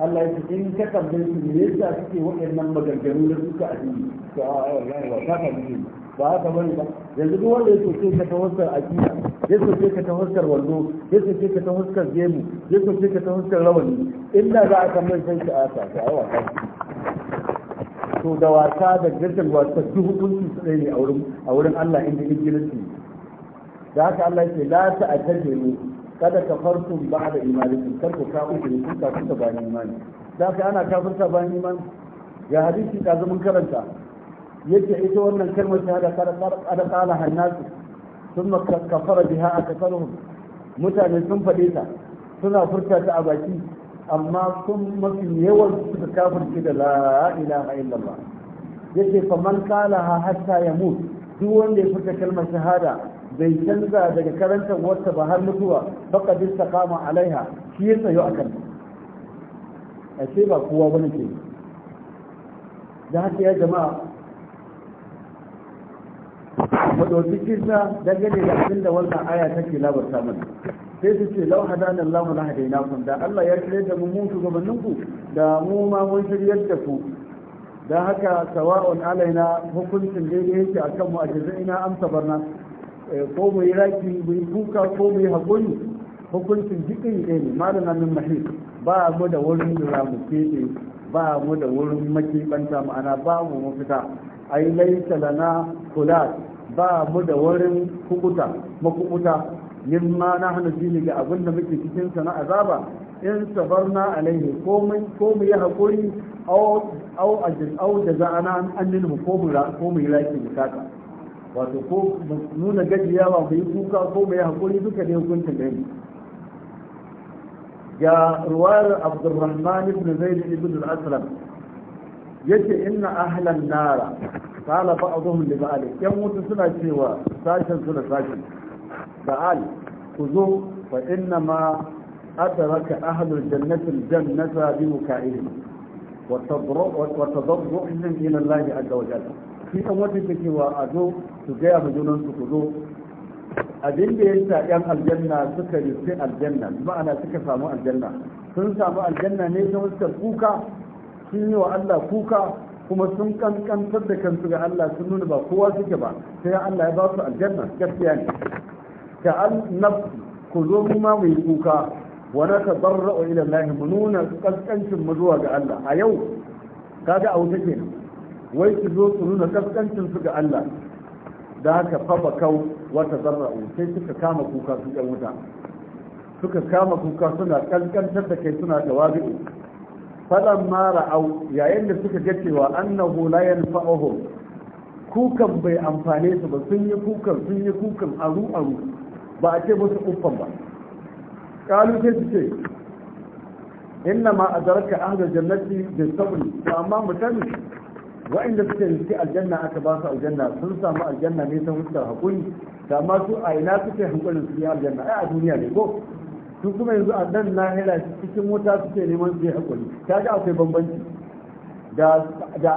Speaker 2: Allah ya ce in ka tambaye su me yasa suke waɗannan maganganu da suka addini to a ah, ai wallahi ba ka addini ba haka bane ba yanzu duk wanda ya soke ka ta huskar akida ya soke ka ta huskar wando ya soke ka ta huskar gemu ya soke ka ta huskar rawani inda za a tambaye sai ka ah, asa to ai wasa to da wasa da gajan wasa duk hukunci su ne a wurin a wurin Allah inda injilanci da haka Allah ya ce la ta'tajiru kada ka farko ba da imanikum kar ku ka uku kun ka kuka bayan imani da ka ana kafirta bayan imani ya hadisi ka karanta yake ita wannan kalmar shahada kada kala hannasu sun kafara biha a kasarhum mutane sun faɗe ta suna furta ta a baki amma sun mafi yawan suka kafirce da la ilaha illallah yake faman kala ha hatta ya mutu duk wanda ya furta kalmar shahada bai canza daga karantar wata ba har mutuwa baka bisa kama alaiha shi ya tsayo a kanta a ce ba kowa wani ke da haka ya jama'a maɗauki kisa dangane da abin da wannan aya ke labarta mana sai su ce lau hadanan na mu lahadai na kun da Allah ya shirya da mu mun shugabannin ku da mu ma mun shiryar da ku da haka sawa'un alaina hukuncin daidai yake a kanmu a jirgin ina amsa barna ko mu yi raki mu yi kuka ko mu yi hakuri hukuncin jikin ɗaya ne na min mahi ba mu da wurin da za mu keɓe ba mu da wurin makiɓanta ma'ana ba mu mafita ai laisa lana kulat ba mu da wurin kukuta makukuta yin ma na hana jini ga abin da muke cikin sa na azaba in sabarna alaihi ko mu yi haƙuri au ajin au da za'ana an nilmu ko mu yi raki bukata wato ko nuna gajiyawa yi kuka ko bai hakuri duka da hukuncin da yi ga ruwayar abdurrahman ibn zaid ibn al-aslam yace inna ahlan nara qala ba'dhum li ba'al yan mutu suna cewa sashen su da sashen ba'al ku zo fa inna ma adraka ahlul jannati al-jannata bi muka'ihim wa tadarruhum ila Allah azza wa jalla shi kan wata ta cewa a zo su gaya mu junan su ku zo abin da ya sa yan aljanna suka rufe aljanna ma'ana suka samu aljanna sun samu aljanna ne ta wasu kuka sun yi wa Allah kuka kuma sun kankantar da kansu ga Allah sun nuna ba kowa suke ba sai Allah ya ba su aljanna gaskiya ne ta an nafsi ku zo mu ma mu kuka wa na tabarra'u ila Allah mu nuna kankancin mu zuwa ga Allah a yau kaga a wuce kenan wai su zo su nuna kaskancin su ga Allah da haka fafa kau wata zarra'u sai suka kama kuka su yan wuta suka kama kuka suna kaskantar da kai suna tawabi'u falan mara au. yayin da suka ga cewa annahu la yanfa'uhu kukan bai amfane su ba sun yi kukan sun yi kukan aru aru ba a ce musu uffan ba kalu sai su ce inna ma adaraka ahlul jannati bi sabri amma mutane wa'inda suka yi aljanna aka ba su aljanna sun samu aljanna ne sun wuce hakuri da ma su a ina suke hankalin su yi aljanna ai a duniya ne ko su kuma yanzu a nan lahira cikin wuta suke neman su yi hakuri ta ga akwai bambanci da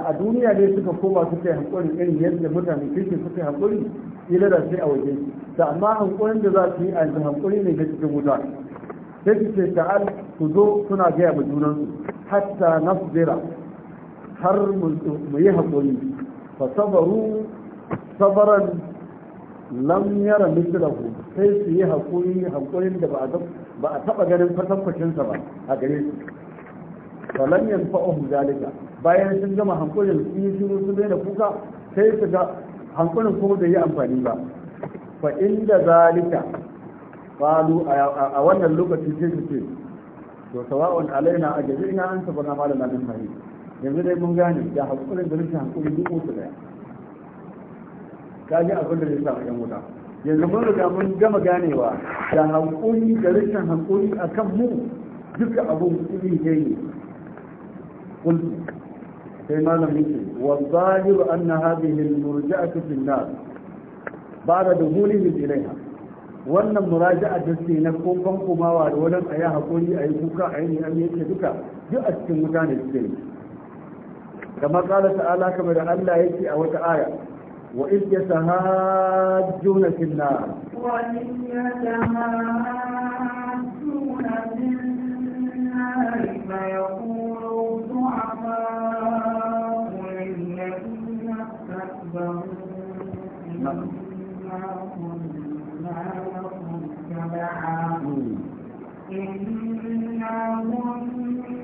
Speaker 2: a duniya ne suka koma suke hakuri irin yadda mutane kirkin suke hankali ila da sai a waje da amma hankalin da za su yi a yanzu hankali ne na cikin wuta sai su ce ta'al su zo suna gaya ma junansu hatta nasbira har mu yi haƙuri fa sabaru sabaran lam yara mislahu sai su yi haƙuri haƙurin da ba a taɓa ganin fatakwacinsa ba a gare su falan yanfa'uhum zalika bayan sun gama haƙurin su yi shiru sun daina kuka sai su ga haƙurin kuma bai yi amfani ba fa inda zalika qalu a wannan lokaci sai su ce to sawa'un alaina ajrina anta na malana min fahim yanzu dai mun gane da haƙurin da rashin hakuri duk wasu daya ka ji abin da zai sa a wuta yanzu mun riga mun gama ganewa da hakuri da rashin hakuri a kan mu duka abun kuri ne ne kullu sai malam yake wa zahiru anna hadhihi al-murja'atu fi an-nar ba'da duhulihim ilayha wannan muraja'a da ce na kokon kumawa da wannan ayi haƙuri ayi kuka ayi ne an yake duka duk a cikin mutane suke yi كما قال تعالى كما قال الله يأتي أو تعالى وإذ يتهاجون في النار
Speaker 1: وإذ يتهاجون في النار فيقول الضعفاء للذين استكبروا نعم. إنا كنا لكم تبعا إنا كنا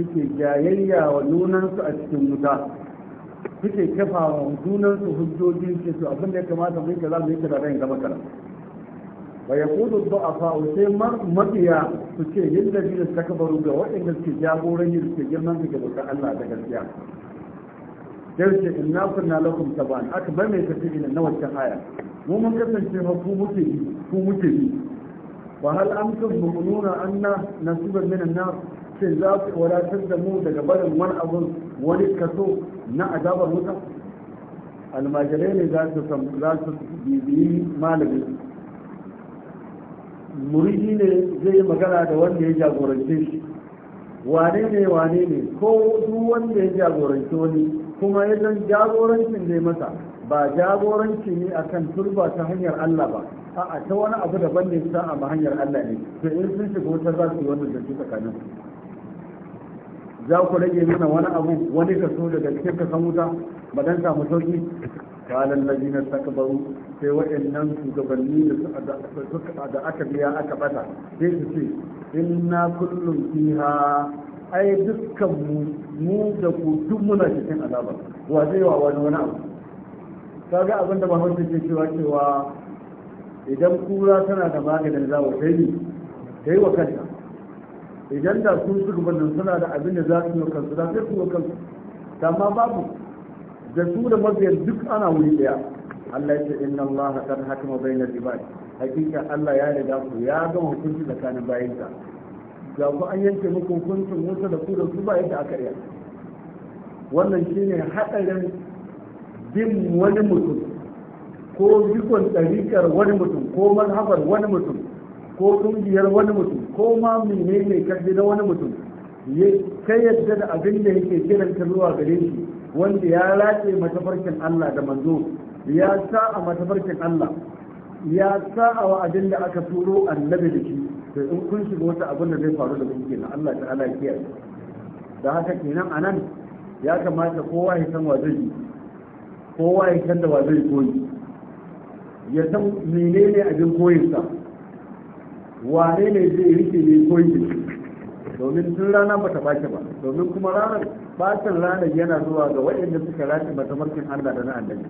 Speaker 2: suke jayayya wa nunansu a cikin wuta suke kafa wa junansu hujjoji ce su abin da ya kamata mu yi kaza mu yi kaza dan gaba kana wa yaqulu du'afa sai mabiya su ce yadda bi da takabaru ga wadanda suke jagoranci suke girman suke bukar Allah da gaskiya sai ce inna kunna lakum taban aka bar mai tafi ne na wacce aya mu mun kasance fa ku muke ku muke wa hal amtum mu'minuna anna nasiban minan nar shin za ku wadatar da mu daga barin wani abun wani kaso na azabar wuta almajirai ne za su bibiyi malami muridi ne zai yi magana da wanda ya jagorance shi wane ne wane ne ko duk wanda ya jagorance wani kuma ya san jagorancin ne masa ba jagoranci ne akan turba ta hanyar Allah ba a ta wani abu daban ne sa'a a hanyar Allah ne to in sun shiga ta za su yi wannan da su tsakanin za ku rage mana wani abu wani kaso daga cikin kasan wuta ba dan samu sauki kalan lazina takbaru sai waɗannan shugabanni da aka biya aka bata sai su ce inna kullum fiha ai dukkan mu mu da ku duk muna cikin azaba wa zai wa wani wani abu kaga abin da bahaushe ke cewa cewa idan kura tana da maganin zawo sai ni kai wa kanta idan da sun suka ballon suna da abin da za su yi kansu da sai su yi kansu ma babu da su da mabiyar duk ana wuri daya Allah ya ce inna Allah qad hakama bainal ibad hakika Allah ya riga ku ya gama hukunci tsakanin bayinsa ga ku an yanke muku hukuncin Musa da ku da su ba yadda aka yi wannan shine hadarin bin wani mutum ko bikon ɗarikar wani mutum ko manhabar wani mutum ko ƙungiyar wani mutum ko ma menene ne ka ji na wani mutum kai yadda da abin da yake kiran ka zuwa gare shi wanda ya race matafarkin Allah da manzo ya sa a matafarkin Allah ya sa a wa abin da aka turo annabi da shi to in kun shiga wata abin da zai faru da ku kenan Allah ta'ala ya kiyaye da haka kenan anan ya kamata kowa ya san wa zai kowa ya san da wa zai koyi ya san menene abin koyinsa wane ne zai rike ne ko yi domin tun rana ba ta baki ba domin kuma ranar bacin ranar yana zuwa ga waɗanda suka rashi matamarkin Allah da na annabi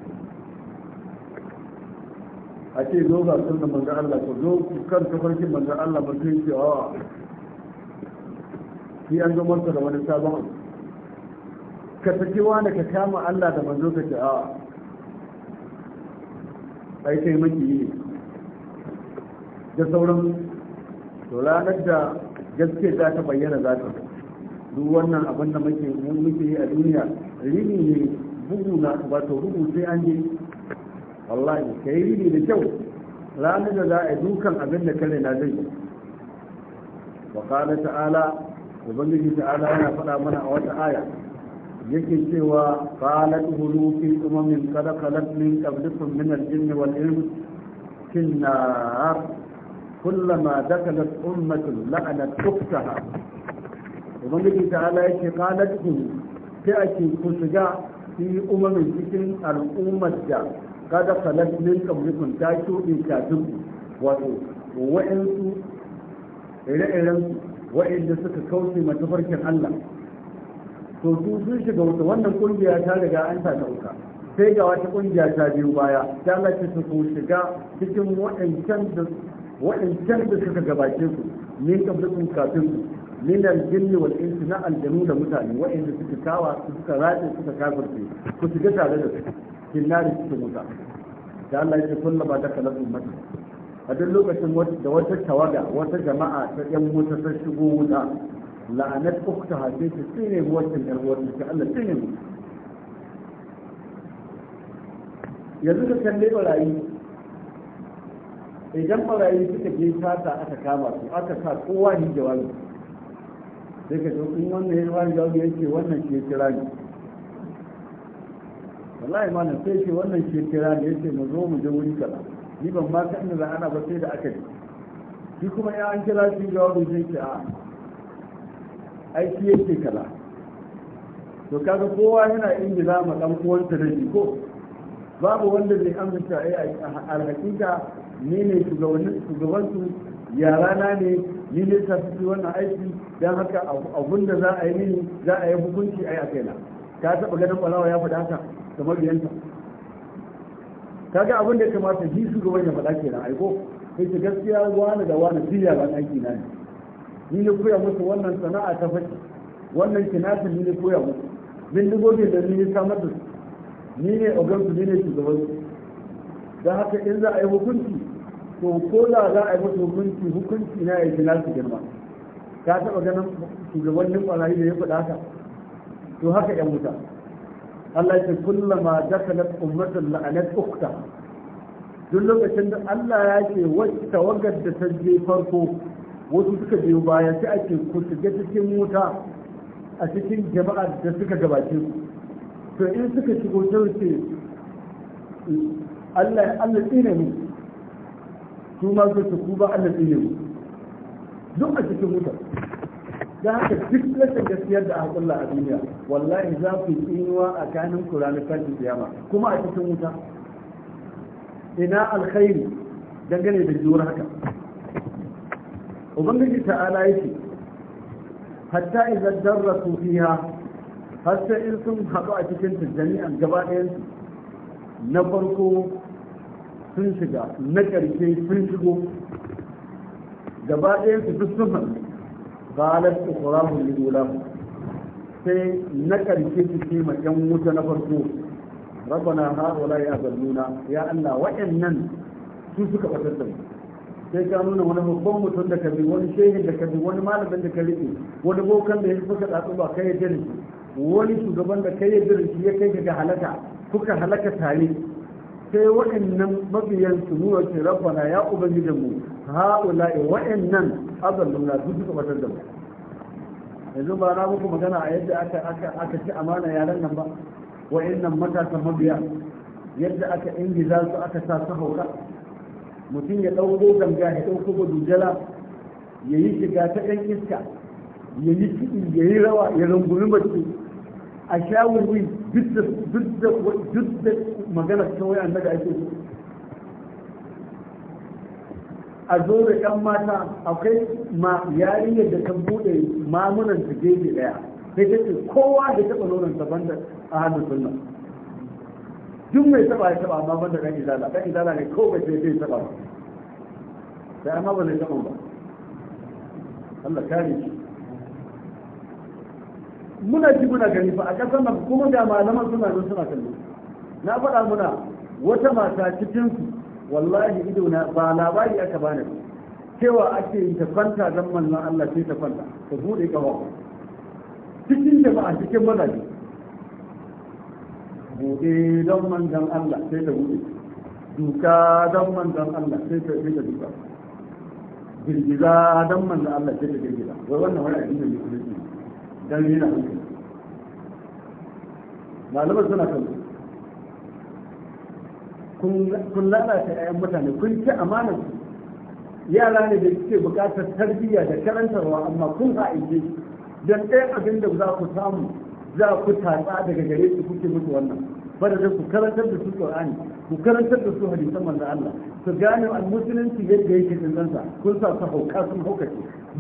Speaker 2: a ce zo ga sunna manzon Allah ko zo kan tafarki manzon Allah ba sai ce awa shi an zo masa da wani sabon ka saki wani ka kama Allah da manzo ka ce awa ai kai maki ne da sauran to ranar da gaske za ta bayyana za ta duk wannan abin da muke muke yi a duniya rini ne bugu na wato bugu sai an je wallahi kai rini da kyau ranar da za a yi dukan abin da kare na zai wa qala ta'ala ubangiji ta'ala yana faɗa mana a wata aya yake cewa qalat hulufi umamin qad qalat min qablikum min al jinn wal ins kinna kullama dakalat ummatun la'anat ukhtaha ubangiji ta'ala yake qalat in sai ake ku shiga fi umamin cikin al'ummar da kada kalat min qablikum ta shuɗe kafin wato wa'ansu ire-iren wa'anda suka kauce Allah to su sun shiga wuta wannan kungiya ta riga an ta sai ga wata kungiya ta biyu baya ta lati su shiga cikin waɗancan da waɗancan da suka gabace ku min kablakum kafin ku min aljinni wal insi na aljanu da mutane wa'inda suka kawa suka race suka kafirce ku shiga tare da su kinnari suka muta da Allah ya kulla ba ta kala ummata a duk lokacin da wata tawaga wata jama'a ta yan wuta ta shigo wuta la'anat ukhtaha sai ta tsine wacin ɗan wata ta Allah tsine mu yanzu ka kalle barayi idan barayi suka je sata aka kama su aka sa kowa ni jawabi sai ka ce in wannan ya wani jawabi ya ce wannan ke kira ne wallahi ma sai ce wannan ke kira ne ya ce mu zo mu je wuri kaza ni ban ma san inda ana ba sai da aka ji shi kuma ya an kira shi jawabi zai ce a ya ce kaza to kaga kowa yana inda za ma ɗan kowanta da ko babu wanda zai amince a yi alhaƙiƙa ni ne shugabansu yarana ne ni ne tafi wannan aiki don haka abun da za a yi mini za a yi hukunci a yi a kaina ta taɓa ganin balawa ya faɗa haka kamar biyanta kaga abin da ya kamata shi shugaban ya faɗa kenan aiko sai ta gaskiya wani da wani biya ban aiki na ne ni ne koya musu wannan sana'a ta fashi wannan kinata ni ne koya musu bindigogi da ni ne samar da su ni ne ogansu ni ne shugabansu. su don haka in za a yi hukunci to ko da za a yi musu hukunci hukunci na ya fi nasu girma ka taɓa ganin shugabannin ƙwararri da ya faɗa haka to haka ‘yan wuta Allah ya ce kullama dakalat ummatul la'anat ukhta duk lokacin da Allah ya ce wacce tawagar da ta je farko wasu suka biyo baya sai ake ku shiga cikin wuta a cikin jama'a da suka gabace ku to in suka shigo sai ce Allah Allah tsine mu su ma su su kuma Allah ne mu duk a cikin mutan da haka duk rashin gaskiyar da aka kulla a duniya wallahi za ku tsinuwa a kanin ku ranar tashin kiyama kuma a cikin wuta ina alkhairi dangane da jiwar haka ubangiji ta'ala yake hatta idan darrasu fiha har in sun haɗu a cikin jami'an gaba ɗayan na farko sun shiga na ƙarshe sun shigo gaba ɗaya su duk sun hannu qalat ukhrahum lidulam sai na ƙarshe su ce ma ƴan wuta na farko rabbana haula ya zalluna ya Allah waɗannan su suka fatar da mu sai ka nuna wani babban mutum da kabi wani shehin da kabi wani malamin da ka rike wani bokan da ya fuka tsatsu ba kai ya dare wani shugaban da kai ya dare ya kai ga halaka kuka halaka tare sai waɗannan mabiyan su nuna ce rabbana ya ubangijin mu ha'ula'i waɗannan na su suka batar da mu yanzu ba na muku magana a yadda aka ci amana yaran nan ba waɗannan matasan mabiya yadda aka ingiza su aka sa su hauka mutum ya ɗauko ganga ya ɗauko dujala ya yi shiga ta ɗan iska ya yi kiɗi ya yi rawa ya rungumi mace a sha duk da magana kawai annabi ake a zo da ɗan mata akwai ma yarinyar da kan buɗe mamunan ta gefe ɗaya sai ta ce kowa da taɓa nonon ta banda a hannun sunna duk mai taɓa ya taɓa amma banda ɗan izala ɗan izala ne ko bai sai taɓa ba sai amma ba zai taɓa ba Allah kare shi muna ji muna gani fa a ƙasar nan kuma ga malaman suna nan suna kallo na faɗa muna wata mata cikin su wallahi ido na ba labari aka bani cewa ake yin ta kwanta zan manna Allah sai ta kwanta ta bude kafa cikin da ba a cikin mazaje bude dan manzon Allah sai ta bude duka dan manzon Allah sai ta sai ta duka girgiza dan manzon Allah sai ta girgiza wai wannan wani addini ne dan hankali suna kan kun lalata 'ya'yan mutane kun ci amanar su yara ne da suke bukatar tarbiyya da karantarwa amma kun ha'ince don ɗaya abin da za ku samu za ku tatsa daga gare su kuke mutu wannan bada da ku karantar da su Qur'ani ku karantar da su hadisan manzo Allah su gane al-musulunci yadda yake din kun sa su hauka sun hauka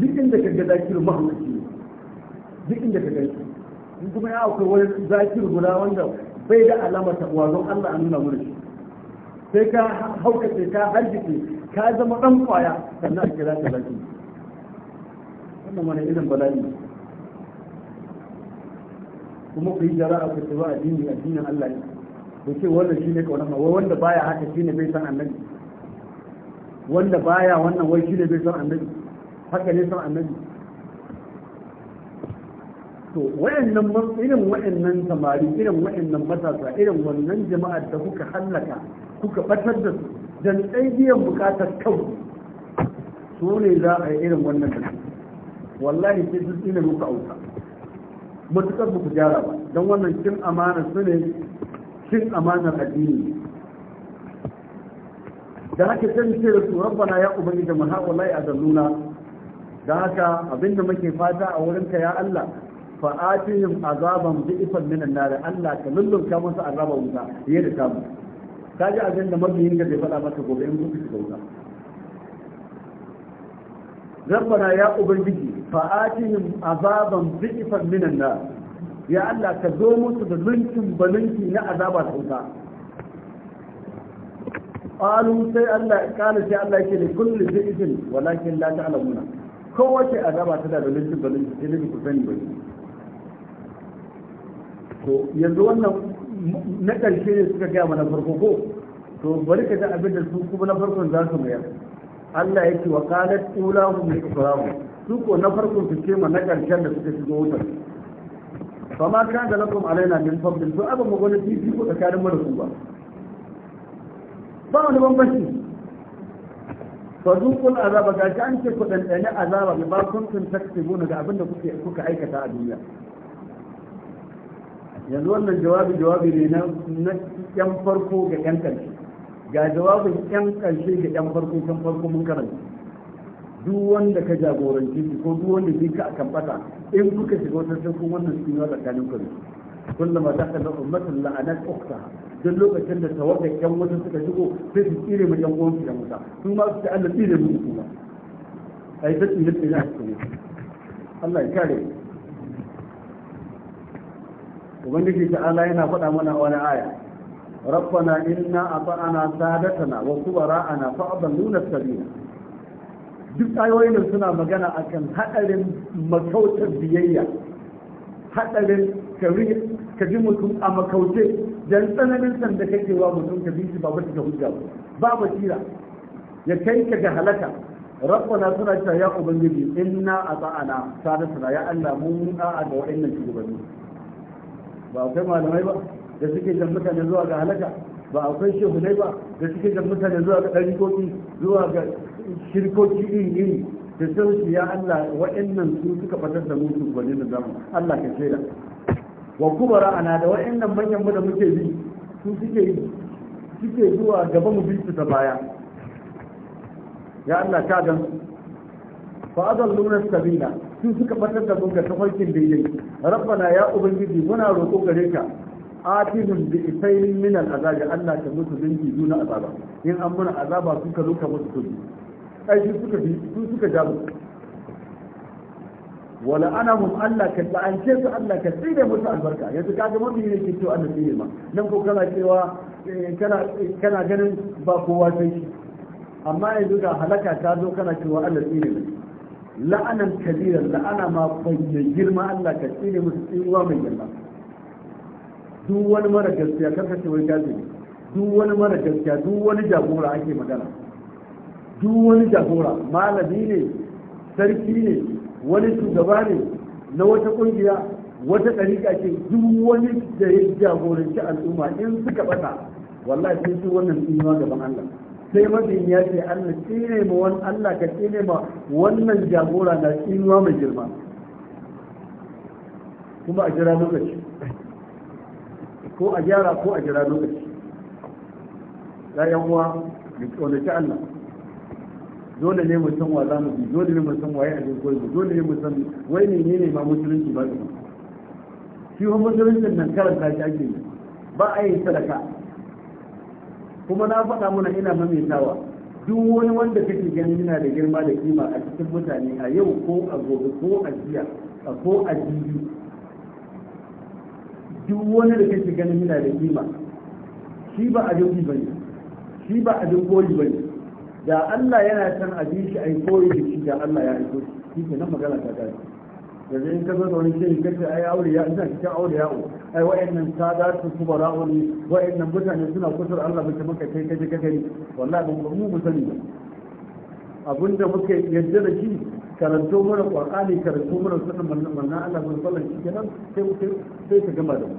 Speaker 2: duk inda kaga dakiru mahaukaci ne duk inda ka gani in kuma ya akwai wani zakir guda wanda bai da alamar tabuwa don Allah a nuna mana shi sai ka haukace ka harjike ka zama dan kwaya sannan ake kira ka zakir wannan wani irin bala'i kuma ku yi jara'a ku ce ba addini addinin Allah ne ku ce wannan shine kaunar ma wanda baya haka shine bai san annabi wanda baya wannan wai shine bai san annabi haka ne san annabi to wayannan irin wayannan samari irin wa'annan matasa irin wannan jama'ar da kuka hallaka kuka batar da su dan dai biyan bukatar kau su ne za a yi irin wannan da wallahi sai duk ina muku auka matukar ba ku gyara ba don wannan cin amana su ne cin amanar addini da haka sai ce da su rabbana ya ubangiji mu haƙulai a zalluna da haka abinda muke fata a wurinka ya Allah fa'atihim azaban bi'ifan minan nar Allah ka lullunka musu azaba wuta yayin da samu kaji abin da mabiyin da bai faɗa maka gobe in kuka shiga wuta rabbana ya ubangiji fa'atihim azaban bi'ifan minan nar ya Allah ka zo musu da lunkin balunki na azaba ta wuta qalu sai Allah kana sai Allah yake da kullu bi'ifin walakin la ta'lamuna kowace azaba tana da lunkin balunki sai ne ku sani ba to yanzu wannan na ƙarshe ne suka gaya mana farko ko to bari ka ga abin da su kuma na farkon za su mayar Allah ya ce wa qalat ulahum min ikramu su ko na farkon su ce ma na ƙarshen da suka shigo wutar ma kan da lakum alaina min fadl to abin magana ti ko tsakanin marasu ba ba wani bambanci fazukul azaba ga an ce ku ɗanɗani azaba ba kun kun taksibu ga abin da kuka aikata a duniya yanzu wannan jawabi jawabi ne na yan farko ga yan karshe ga jawabin yan karshe ga yan farko kan farko mun karanta duk wanda ka jagoranci shi ko duk wanda bika a akan fata in kuka shiga wata sarkun wannan su ne tsakanin ku kullum a zaka da ummatin la'anat ukhta duk lokacin da tawaga yan wata suka shigo sai su tsire mu yan uwansu da musa su ma su ta Allah tsire mu a yi ta tsire tsire a cikin Allah ya kare mu ubangiji ta'ala yana faɗa mana wani aya rabbana inna ata'ana sadatana wa kubara'ana fa adalluna sabila duk ayoyin suna magana akan hadarin makautar biyayya hadarin kari ka ji mutum a makauce dan tsananin san da kake wa mutum ka bi shi ba ba ta hujja ba basira ya kai ka ga halaka rabbana suna cewa ya ubangiji inna ata'ana sadatana ya Allah mun da'a da wa'annan shugabanni ba akwai malamai ba da suke jan mutane zuwa ga halaka ba akwai ne ba da suke jan mutane zuwa ga ɗarikoki zuwa ga shirkoki iri iri da sauki ya Allah waɗannan su suka fatar da mutu gwanin da zamu Allah ka shaida wa kubara ana da waɗannan manyan mu da muke bi su suke yi suke zuwa gaba mu bisu ta baya ya Allah ka gan fa adalluna sabila su suka fatar da bunga ta tafarkin daidai rabbana ya ubangiji muna roƙo gare ka atihun bi isailin min azabi Allah ta musu dinki duna azaba in an muna azaba suka ka ka musu kudi ai su suka bi su suka ja mu wala anahum Allah ka la'ance su Allah ka tsire musu albarka yanzu kaga yi ne to Allah tsire ma nan ko kana cewa eh, kana kana ganin ba kowa sai shi amma yanzu ga halaka ta zo kana cewa Allah tsire ne la'anan kabiran la'ana ma bayyana girma Allah ka tsine musu tsinuwa mai girma duk wani mara gaskiya karka ce wai gazi duk wani mara gaskiya duk wani jagora ake magana duk wani jagora malami ne sarki ne wani shugaba ne na wata kungiya wata ɗariƙa ce duk wani da ya jagoranci al'umma in suka bata wallahi sai su wannan tsinuwa gaban Allah sai mabin ya ce Allah tsine ma wani Allah ka tsine ma wannan jagora na tsinuwa mai girma kuma a jira lokaci ko a gyara ko a jira lokaci ya yan uwa da tsonaci Allah dole ne mu san wa za mu bi dole ne mu san waye a jin koyi dole ne mu san wai ne ne ma musulunci ba shi kuma musulunci nan karanta shi ake yi ba a yi sadaka kuma na faɗa mana ina maimaitawa duk wani wanda kake ganin yana da girma da kima a cikin mutane a yau ko a gobe ko a jiya ko a jibi duk wani da kake ganin yana da kima shi ba a jirgi bane shi ba a koyi bane da Allah yana san a shi a yi koyi da shi da Allah ya aiko shi shi ke nan magana ta dace yanzu in ka zo da wani shirin kace ai aure ya ina cikin aure ya ai su sadatu kubara wani wayannan mutane suna kusur Allah bai maka kai kaje ka gani wallahi ban mu mu sani abinda muka yarda da shi karanto mana qur'ani karanto mana sunan manzon manna Allah mun sallan shi kenan sai sai ka gama da mu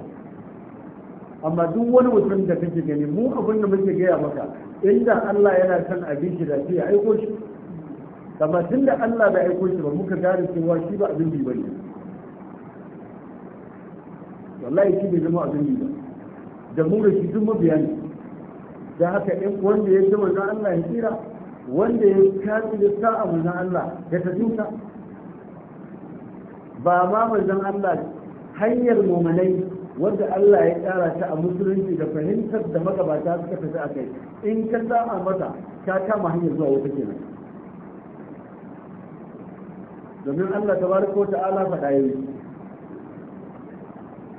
Speaker 2: amma duk wani mutum da kake gani mu abinda muke gaya maka inda Allah yana son abin shi da shi aiko shi amma tun da Allah bai aiko shi ba muka gane cewa shi ba abin bi bane wallahi shi bai zama abin bi ba da mu da shi duk mabiya ne da haka ɗan wanda ya zama manzon Allah ya tsira wanda ya kafi da sa'a manzon Allah ya tafi tafinta ba ma manzon Allah hanyar mumanai wanda Allah ya tsara ta a musulunci da fahimtar da magabata suka tafi a kai in ka sa'a mata ka kama hanyar zuwa wata kenan domin Allah ta bari ko ta'ala faɗa yi.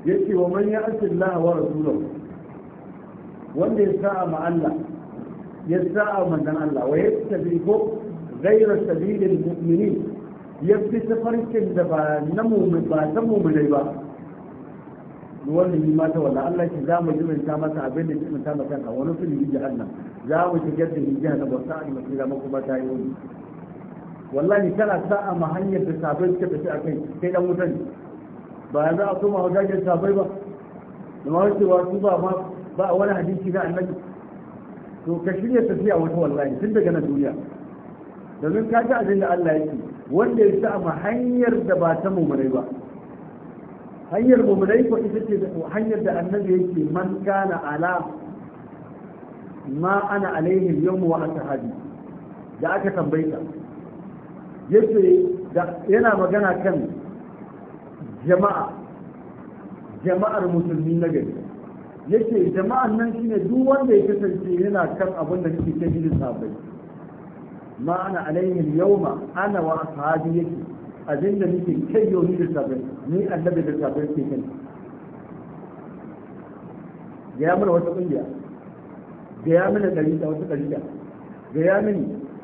Speaker 2: Ya ce wa man ya'ti Allah wa rasulahu wanda ya sa'a ma Allah ya sa'a manzon Allah wa ya yattabi ko ghayra ya fi ta tafarkin da ba na mu'min ba san mu'minai ba wannan yi mata walla Allah ki za mu ji ta masa abin da ta masa a wani fili jahannam za mu shigar da jahannam ba sa'a mu kira maka ba ta yi wani wallahi tana sa a hanyar da sabai suka tafi a kai sai dan wutan ne ba za a koma wajajen sabai ba da ma cewa su ba ma ba wani hadisi na annabi to ka shirya tafiya wata wallahi tun daga na duniya domin ka ji abin da Allah yake wanda ya sa a hanyar da ba ta mummunai ba hanyar mummunai ko ita ce hanyar da annabi yake man kana ala ma ana alaihim yawmu wa ashabi da aka tambaye yake yana magana kan jama'a jama'ar musulmi na gari yake jama'an nan shine duk wanda ya kasance yana kan abin da kake ta gidan sabai ma ana alaihim yauma ana wa ashabi yake abin da nake kai yau ni da sabai ni annabi da sabai ke kan ga ya mana wata kungiya ga ya mana dari da wata dari ga ya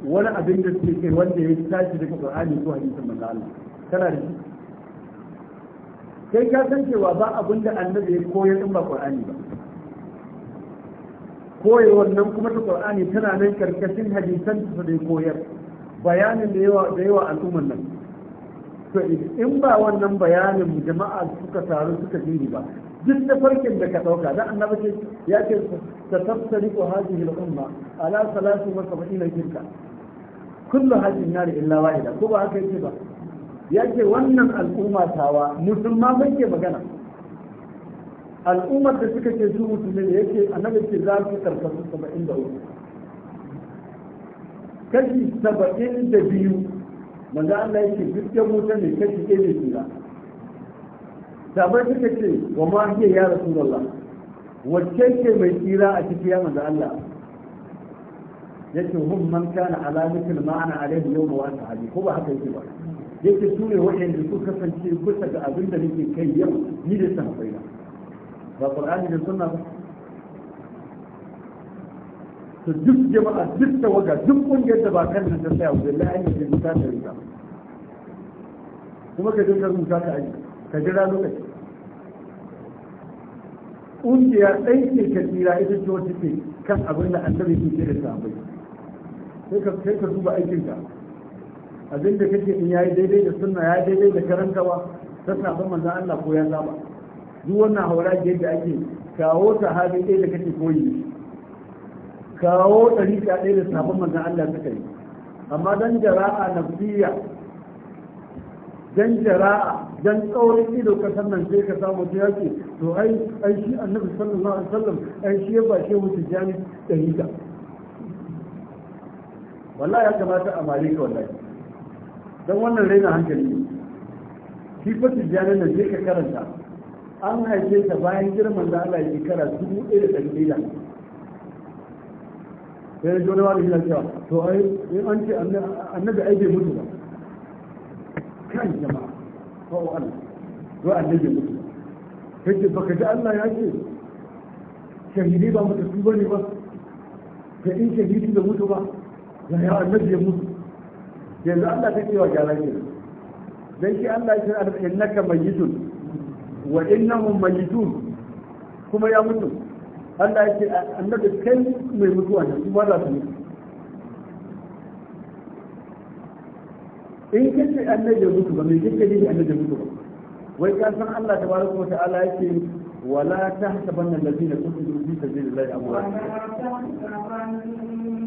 Speaker 2: wani abin da suke kai wanda ya tashi daga Qur'ani ko hadisin manzo Allah kana da shi sai ka san cewa ba abin da annabi ya koyar in ba Qur'ani ba koyewar nan kuma ta Qur'ani tana nan karkashin hadisan da ya koyar bayanin da yawa da yawa al'ummar nan to in ba wannan bayanin jama'a suka taru suka jiri ba duk da farkin da ka dauka dan annabi ya ce ta tafsiri ko hadihi al-umma ala salatu wa sab'ina kirka kullu hajjin nari illa wahida ko ba haka yake ba yake wannan al'umma tawa musulma bai ke magana al'ummar da suka ce su musulmi ne yake annabi ce za su karkasu saba'in da uku kashi saba'in da biyu manzo Allah yake duk yan ne kashi ɗaya ne tsira sabai suka ce wa ma hiya ya rasulullah wacce ce mai tsira a cikin ya manzo Allah yake hum man kana ala mithl ma ana alaihi yawma wa sahabi ko ba haka yake ba yake su ne waɗanda su kasance kusa ga abin da nake kai yau ni da sahabbai na ba qur'ani da sunna ba to duk jama'a duk tawaga duk kungiyar da ba kan nan ta tsaya wajen la'ayi da ta tsari ba kuma ka je ka rubuta ka aji ka jira lokaci kungiya ɗai ce ka tsira ita ce wata ce kan abin da annabi ke da sahabbai sai ka duba aikinka abin da kake in yayi daidai da sunna ya daidai da karantawa ta sabon manzan Allah ko ya zaba duk wannan haura da ake kawo sahabi ɗaya da kake koyi kawo ɗarika ɗaya da sabon manzan Allah suka yi amma dan jara'a nafsiya dan jara'a dan tsaurin ido ka sannan sai ka samu ta yake to ai ai shi annabi sallallahu alaihi wasallam ai shi ya bashe mutu jami ɗarika wallahi ya kamata a mare ka wallahi don wannan raina hankali ne shi fa tijjani na je ka karanta an haife ta bayan girman da Allah ya shekara dubu ɗaya da ɗari ɗaya sai ya jona wani ya cewa to ai in an ce annabi ai bai mutu ba kan jama'a ko Allah to annabi bai mutu ba ce baka ji Allah ya ce shahidi ba mutu ba ne ba Ka in shahidi da mutu ba yaya annabi ya mutu yanzu Allah zai cewa gyara ne dan shi Allah ya ce innaka mayyitun wa innahum mayyitun kuma ya mutu Allah ya ce annabi kai mai mutuwa ne kuma za su mutu in kace annabi ya mutu ba me kake yi annabi ya mutu ba wai ka san Allah tabaraka wa ta'ala yake wala tahsabanna alladhina qutilu fi sabilillahi amwat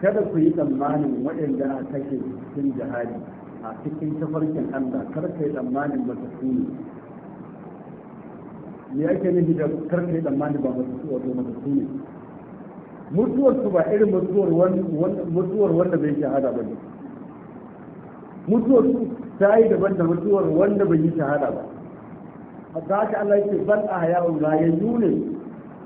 Speaker 2: kada ku yi tsammanin waɗanda a kake cikin jihadi a cikin tafarkin Allah kar ka yi tsammanin ba ta su ne me ake nufi da kar ka yi tsammanin ba ta su wato ba su ne mutuwar su ba irin mutuwar mutuwar wanda bai shahada ba ne mutuwar su ta yi daban da mutuwar wanda bai yi shahada ba hatta haka Allah yake bal hayawun rayayyu ne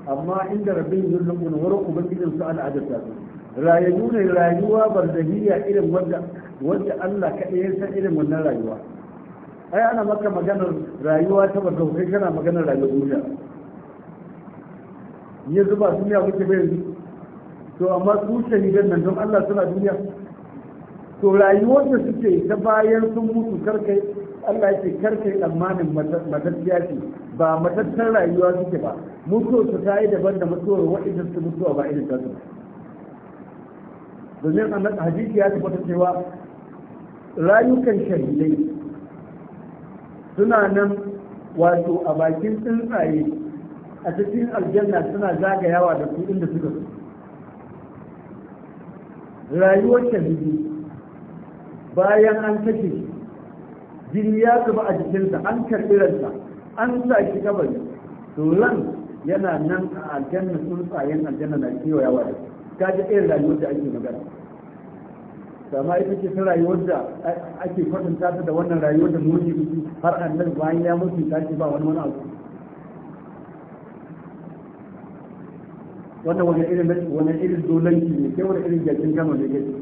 Speaker 2: amma inda rabbin yulqun wa rukubin su al'adata su Rayu ne rayuwa barzahiya irin wanda wanda Allah kaɗai ya san irin wannan rayuwa ai ana maka maganar rayuwa ta ba kai kana maganar rayuwar duniya ya zuba duniya kuke bai yanzu to amma su shahidan nan don Allah suna duniya to rayuwar da suke ta bayan sun mutu karkai Allah yake karkai tsammanin matafiya ce ba matattar rayuwa suke ba mutuwar su ta yi daban da mutuwar waɗanda su mutuwa ba irin ta su domin annan hadisi ya tabbata cewa rayukan shahidai suna nan wato a bakin tsuntsaye a cikin aljanna suna zagayawa da su inda suka su rayuwar shahidi bayan an kashe jini ya zuba a jikinsa an karɓi an sa shi kabari to ran yana nan a aljanna tsuntsayen aljanna na kewayawa da su ta ji irin rayuwar da ake magana sama ita ce ta rayuwar da ake kwatanta ta da wannan rayuwar da muke biki har nan bayan ya mutu ta ce ba wani wani abu wannan wani irin wani irin dolanci ne sai wani irin gajin gama ne gaji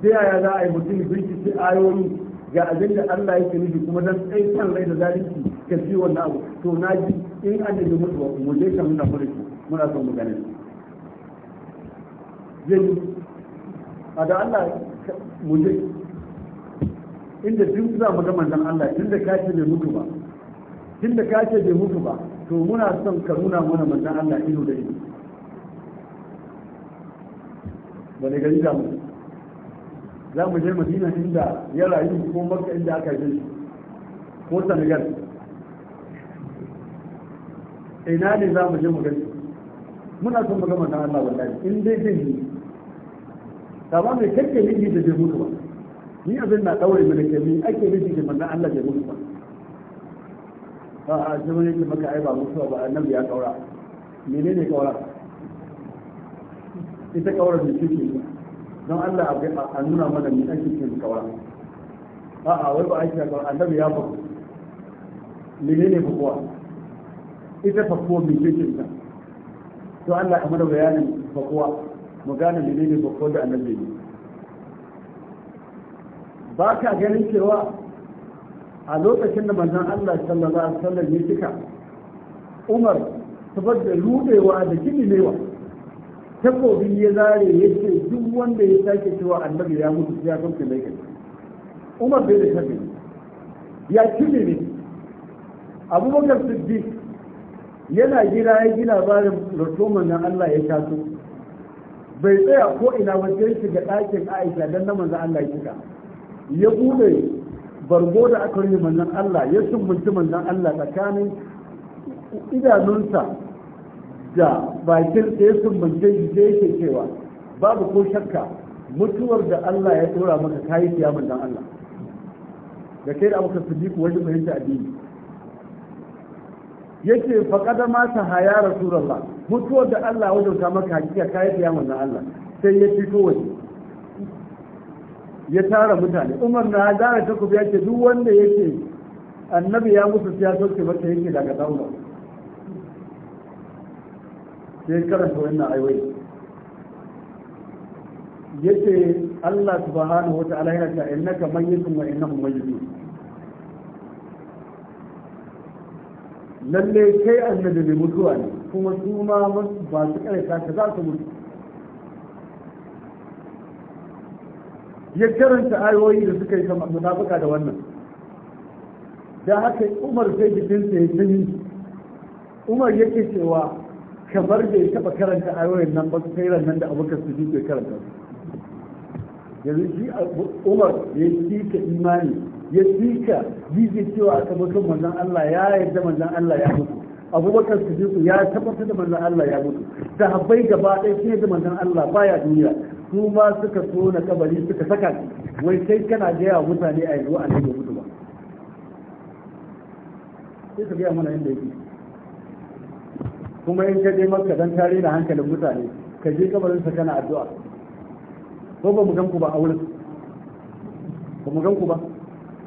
Speaker 2: sai yaya za a yi mutum sai ayoyi ga abin da Allah yake nufi kuma dan tsaye kan rai da zalunci ka ji wannan abu to na ji in an da mutuwa mu je kan nuna mu muna son mu ganin gani a da Allah mu je inda duk za mu ga manzon Allah tunda ka ce bai mutu ba tunda ka ce bai mutu ba to muna son ka nuna mana manzon Allah ido da ido wani gari za mu za mu je madina inda ya rayu ko makka inda aka yi ko sanigar ina ne za mu je mu gani muna son mu ga manzon Allah wallahi in dai zai yi kama mai kake nufi da bai mutu ba ni abin na ɗaure mana ke ni ake nufi da manzan Allah bai mutu ba a a zama ne maka ai ba mutuwa ba nan ya kaura ne kaura ita kaura da kike don Allah a nuna mana me ake ce kaura a a wai ba ake kaura annabi ya ba ne bukuwa ita fakuwa me kike ta to Allah ya mana bayanin fakuwa mu gane menene bako da annabi ne ba ka ganin cewa a lokacin da manzon Allah sallallahu alaihi wasallam ya cika Umar saboda rudewa da kimilewa takobi ya zare ya ce duk wanda ya sake cewa annabi ya mutu ya kamta mai kai Umar bai da tabi ya ne Abubakar Siddiq yana gida ya gina barin rutumin nan Allah ya taso bai tsaya ko ina ba shi shiga ɗakin Aisha don na manzan Allah ya shiga ya bude bargo da aka rufe manzan Allah ya sumbunci manzan Allah tsakanin idanunsa da bakin sa ya sumbunce shi sai ke cewa babu ko shakka mutuwar da Allah ya tura maka kayi siya manzan Allah da kai da abokan siddiqu wajen fahimta addini yake faqada ma haya rasulullah mutuwar da Allah wajen ta maka hakika ka yi fiya manzan Allah sai ya fito waje ya tara mutane umar na zara ta kuma yake duk wanda yake annabi ya musu siya sauke mata yake daga daula sai karanta wannan aiwai yace Allah subhanahu wa ta'ala yana ta innaka mayyitun wa innahum mayyitun lalle kai annabi mai mutuwa ne kuma su ma ba su karanta ka za su mutu ya karanta ayoyi da suka yi munafuka da wannan da haka umar sai jikinsa ya sanyi umar yake cewa kamar bai taɓa karanta ayoyin nan ba sai nan da abokan su bai karanta yanzu shi umar ya yi ka imani ya tsika jijiyar cewa aka tabbatar manzan Allah ya yarda manzan Allah ya mutu abubakar siddiq ya tabbatar da manzan Allah ya mutu sahabbai gaba ɗaya sai da manzan Allah baya duniya su ma suka so na kabari suka saka wai sai kana gaya wa mutane a yanzu annabi ya mutu ba sai ka gaya mana inda yake kuma in ka je maka dan tare da hankalin mutane ka je kabarin sa kana addu'a ko ba mu gan ku ba a wurin ba mu gan ku ba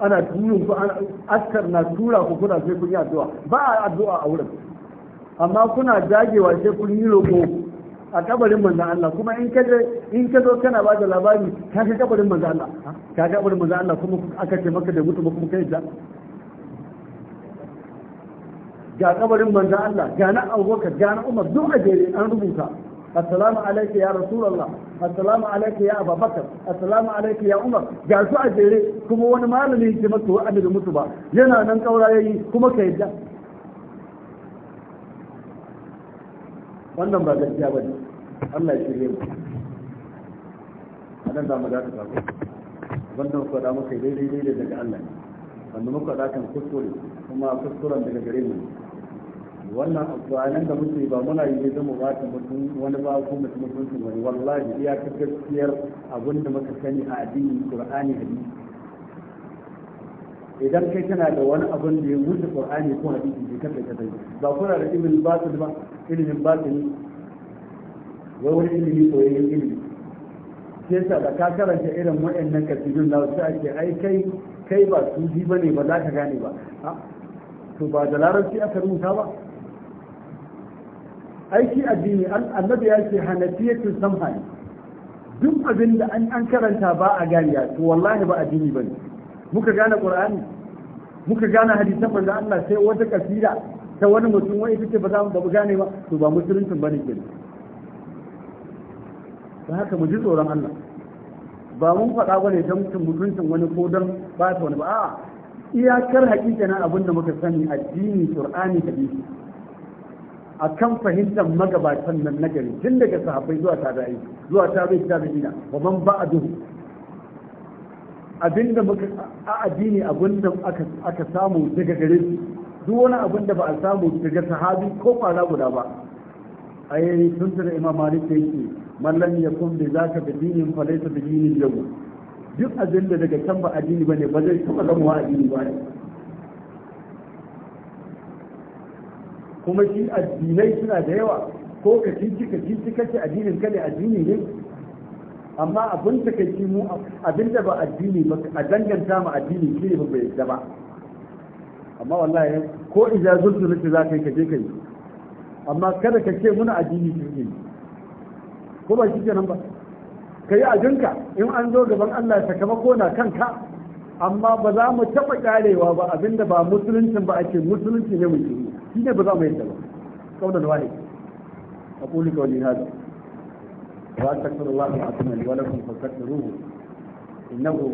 Speaker 2: ana turin ku ana askar na tura ku kuna sai kun yi addu'a ba a addu'a a wurin amma kuna dagewa sai kun yi roƙo a kabarin manzan Allah kuma in ka in ka zo kana ba da labari ka ga kabarin manzan Allah ka ga kabarin manzan Allah kuma aka ce maka da mutu kuma kai da ga kabarin manzan Allah ga na Abubakar ga na Umar duk a jere an rubuta assalamu alaika ya a assalamu alaika ya abubakar assalamu alaika ya umar ga a jere kuma wani malami yake maka wa annabi mutu ba yana nan kuma ka yadda wannan ba gaskiya ne, Allah ya shirye mu anan za mu da wannan kuwa da yi daidai daidai daga Allah wanda muka da kan kuskure kuma kuskuren daga gare mu wannan amfanin da muke ba muna yi zai mu bata mutum wani ba ko mutum mutuncin wani wallahi iya ta gaskiyar abin da muka sani a addinin qur'ani hadisi idan kai kana da wani abin da ya wuce qur'ani ko hadisi ne kada ka dai ba kuna da ilimin batil ba ilimin batili wai wani ilimi koyayyen ilimi sai sa da ka karanta irin waɗannan kasijin na wasu ake ai kai kai ba su ji bane ba za ka gane ba to ba da larabci aka rubuta ba aiki addini annabi ya ce hanafiyatun samha ne duk abin da an karanta ba a ganiya to wallahi ba addini ne. muka gane qur'ani muka gane hadisan manzo Allah sai wata kasida ta wani mutum wai ita ba za mu babu gane ba to ba musuluncin bane ke. ba haka mu ji tsoron Allah ba mun faɗa bane don mutuncin wani ko don ba ta wani ba a'a iyakar hakika na abin da muka sani addini qur'ani hadisi a kan fahimtar magabatan nan na gari tun daga sahabbai zuwa tabi'i zuwa tabi'i tabi'ina wa man ba'du abinda muka a addini abinda aka aka samu daga gare su duk wani abin da ba a samu daga sahabi ko kwana guda ba ai tun da imam malik yake mallan ya kun da zaka da dinin falaita da dinin yau duk abin daga can ba addini bane ba zai taba zama addini ba ne kuma shi addinai suna da yawa ko ka ci ka ka ci addinin ka ne addini ne amma abin ta kai mu abin da ba addini ba a danganta mu addini shi ne ba bai da ba amma wallahi ko idza zulzulati za kai ka je kai amma kada ka ce muna addini shi ne ko ba shi kenan ba ka yi ajinka in an zo gaban Allah ta sakamako na kanka amma ba za mu taɓa ƙarewa ba abinda ba musuluncin ba ake musulunci ne yi shi ne ba za mu yi a ƙuli ga wani hada wa takfir Allah ma atuna ni walakum fakkatu ruhu innahu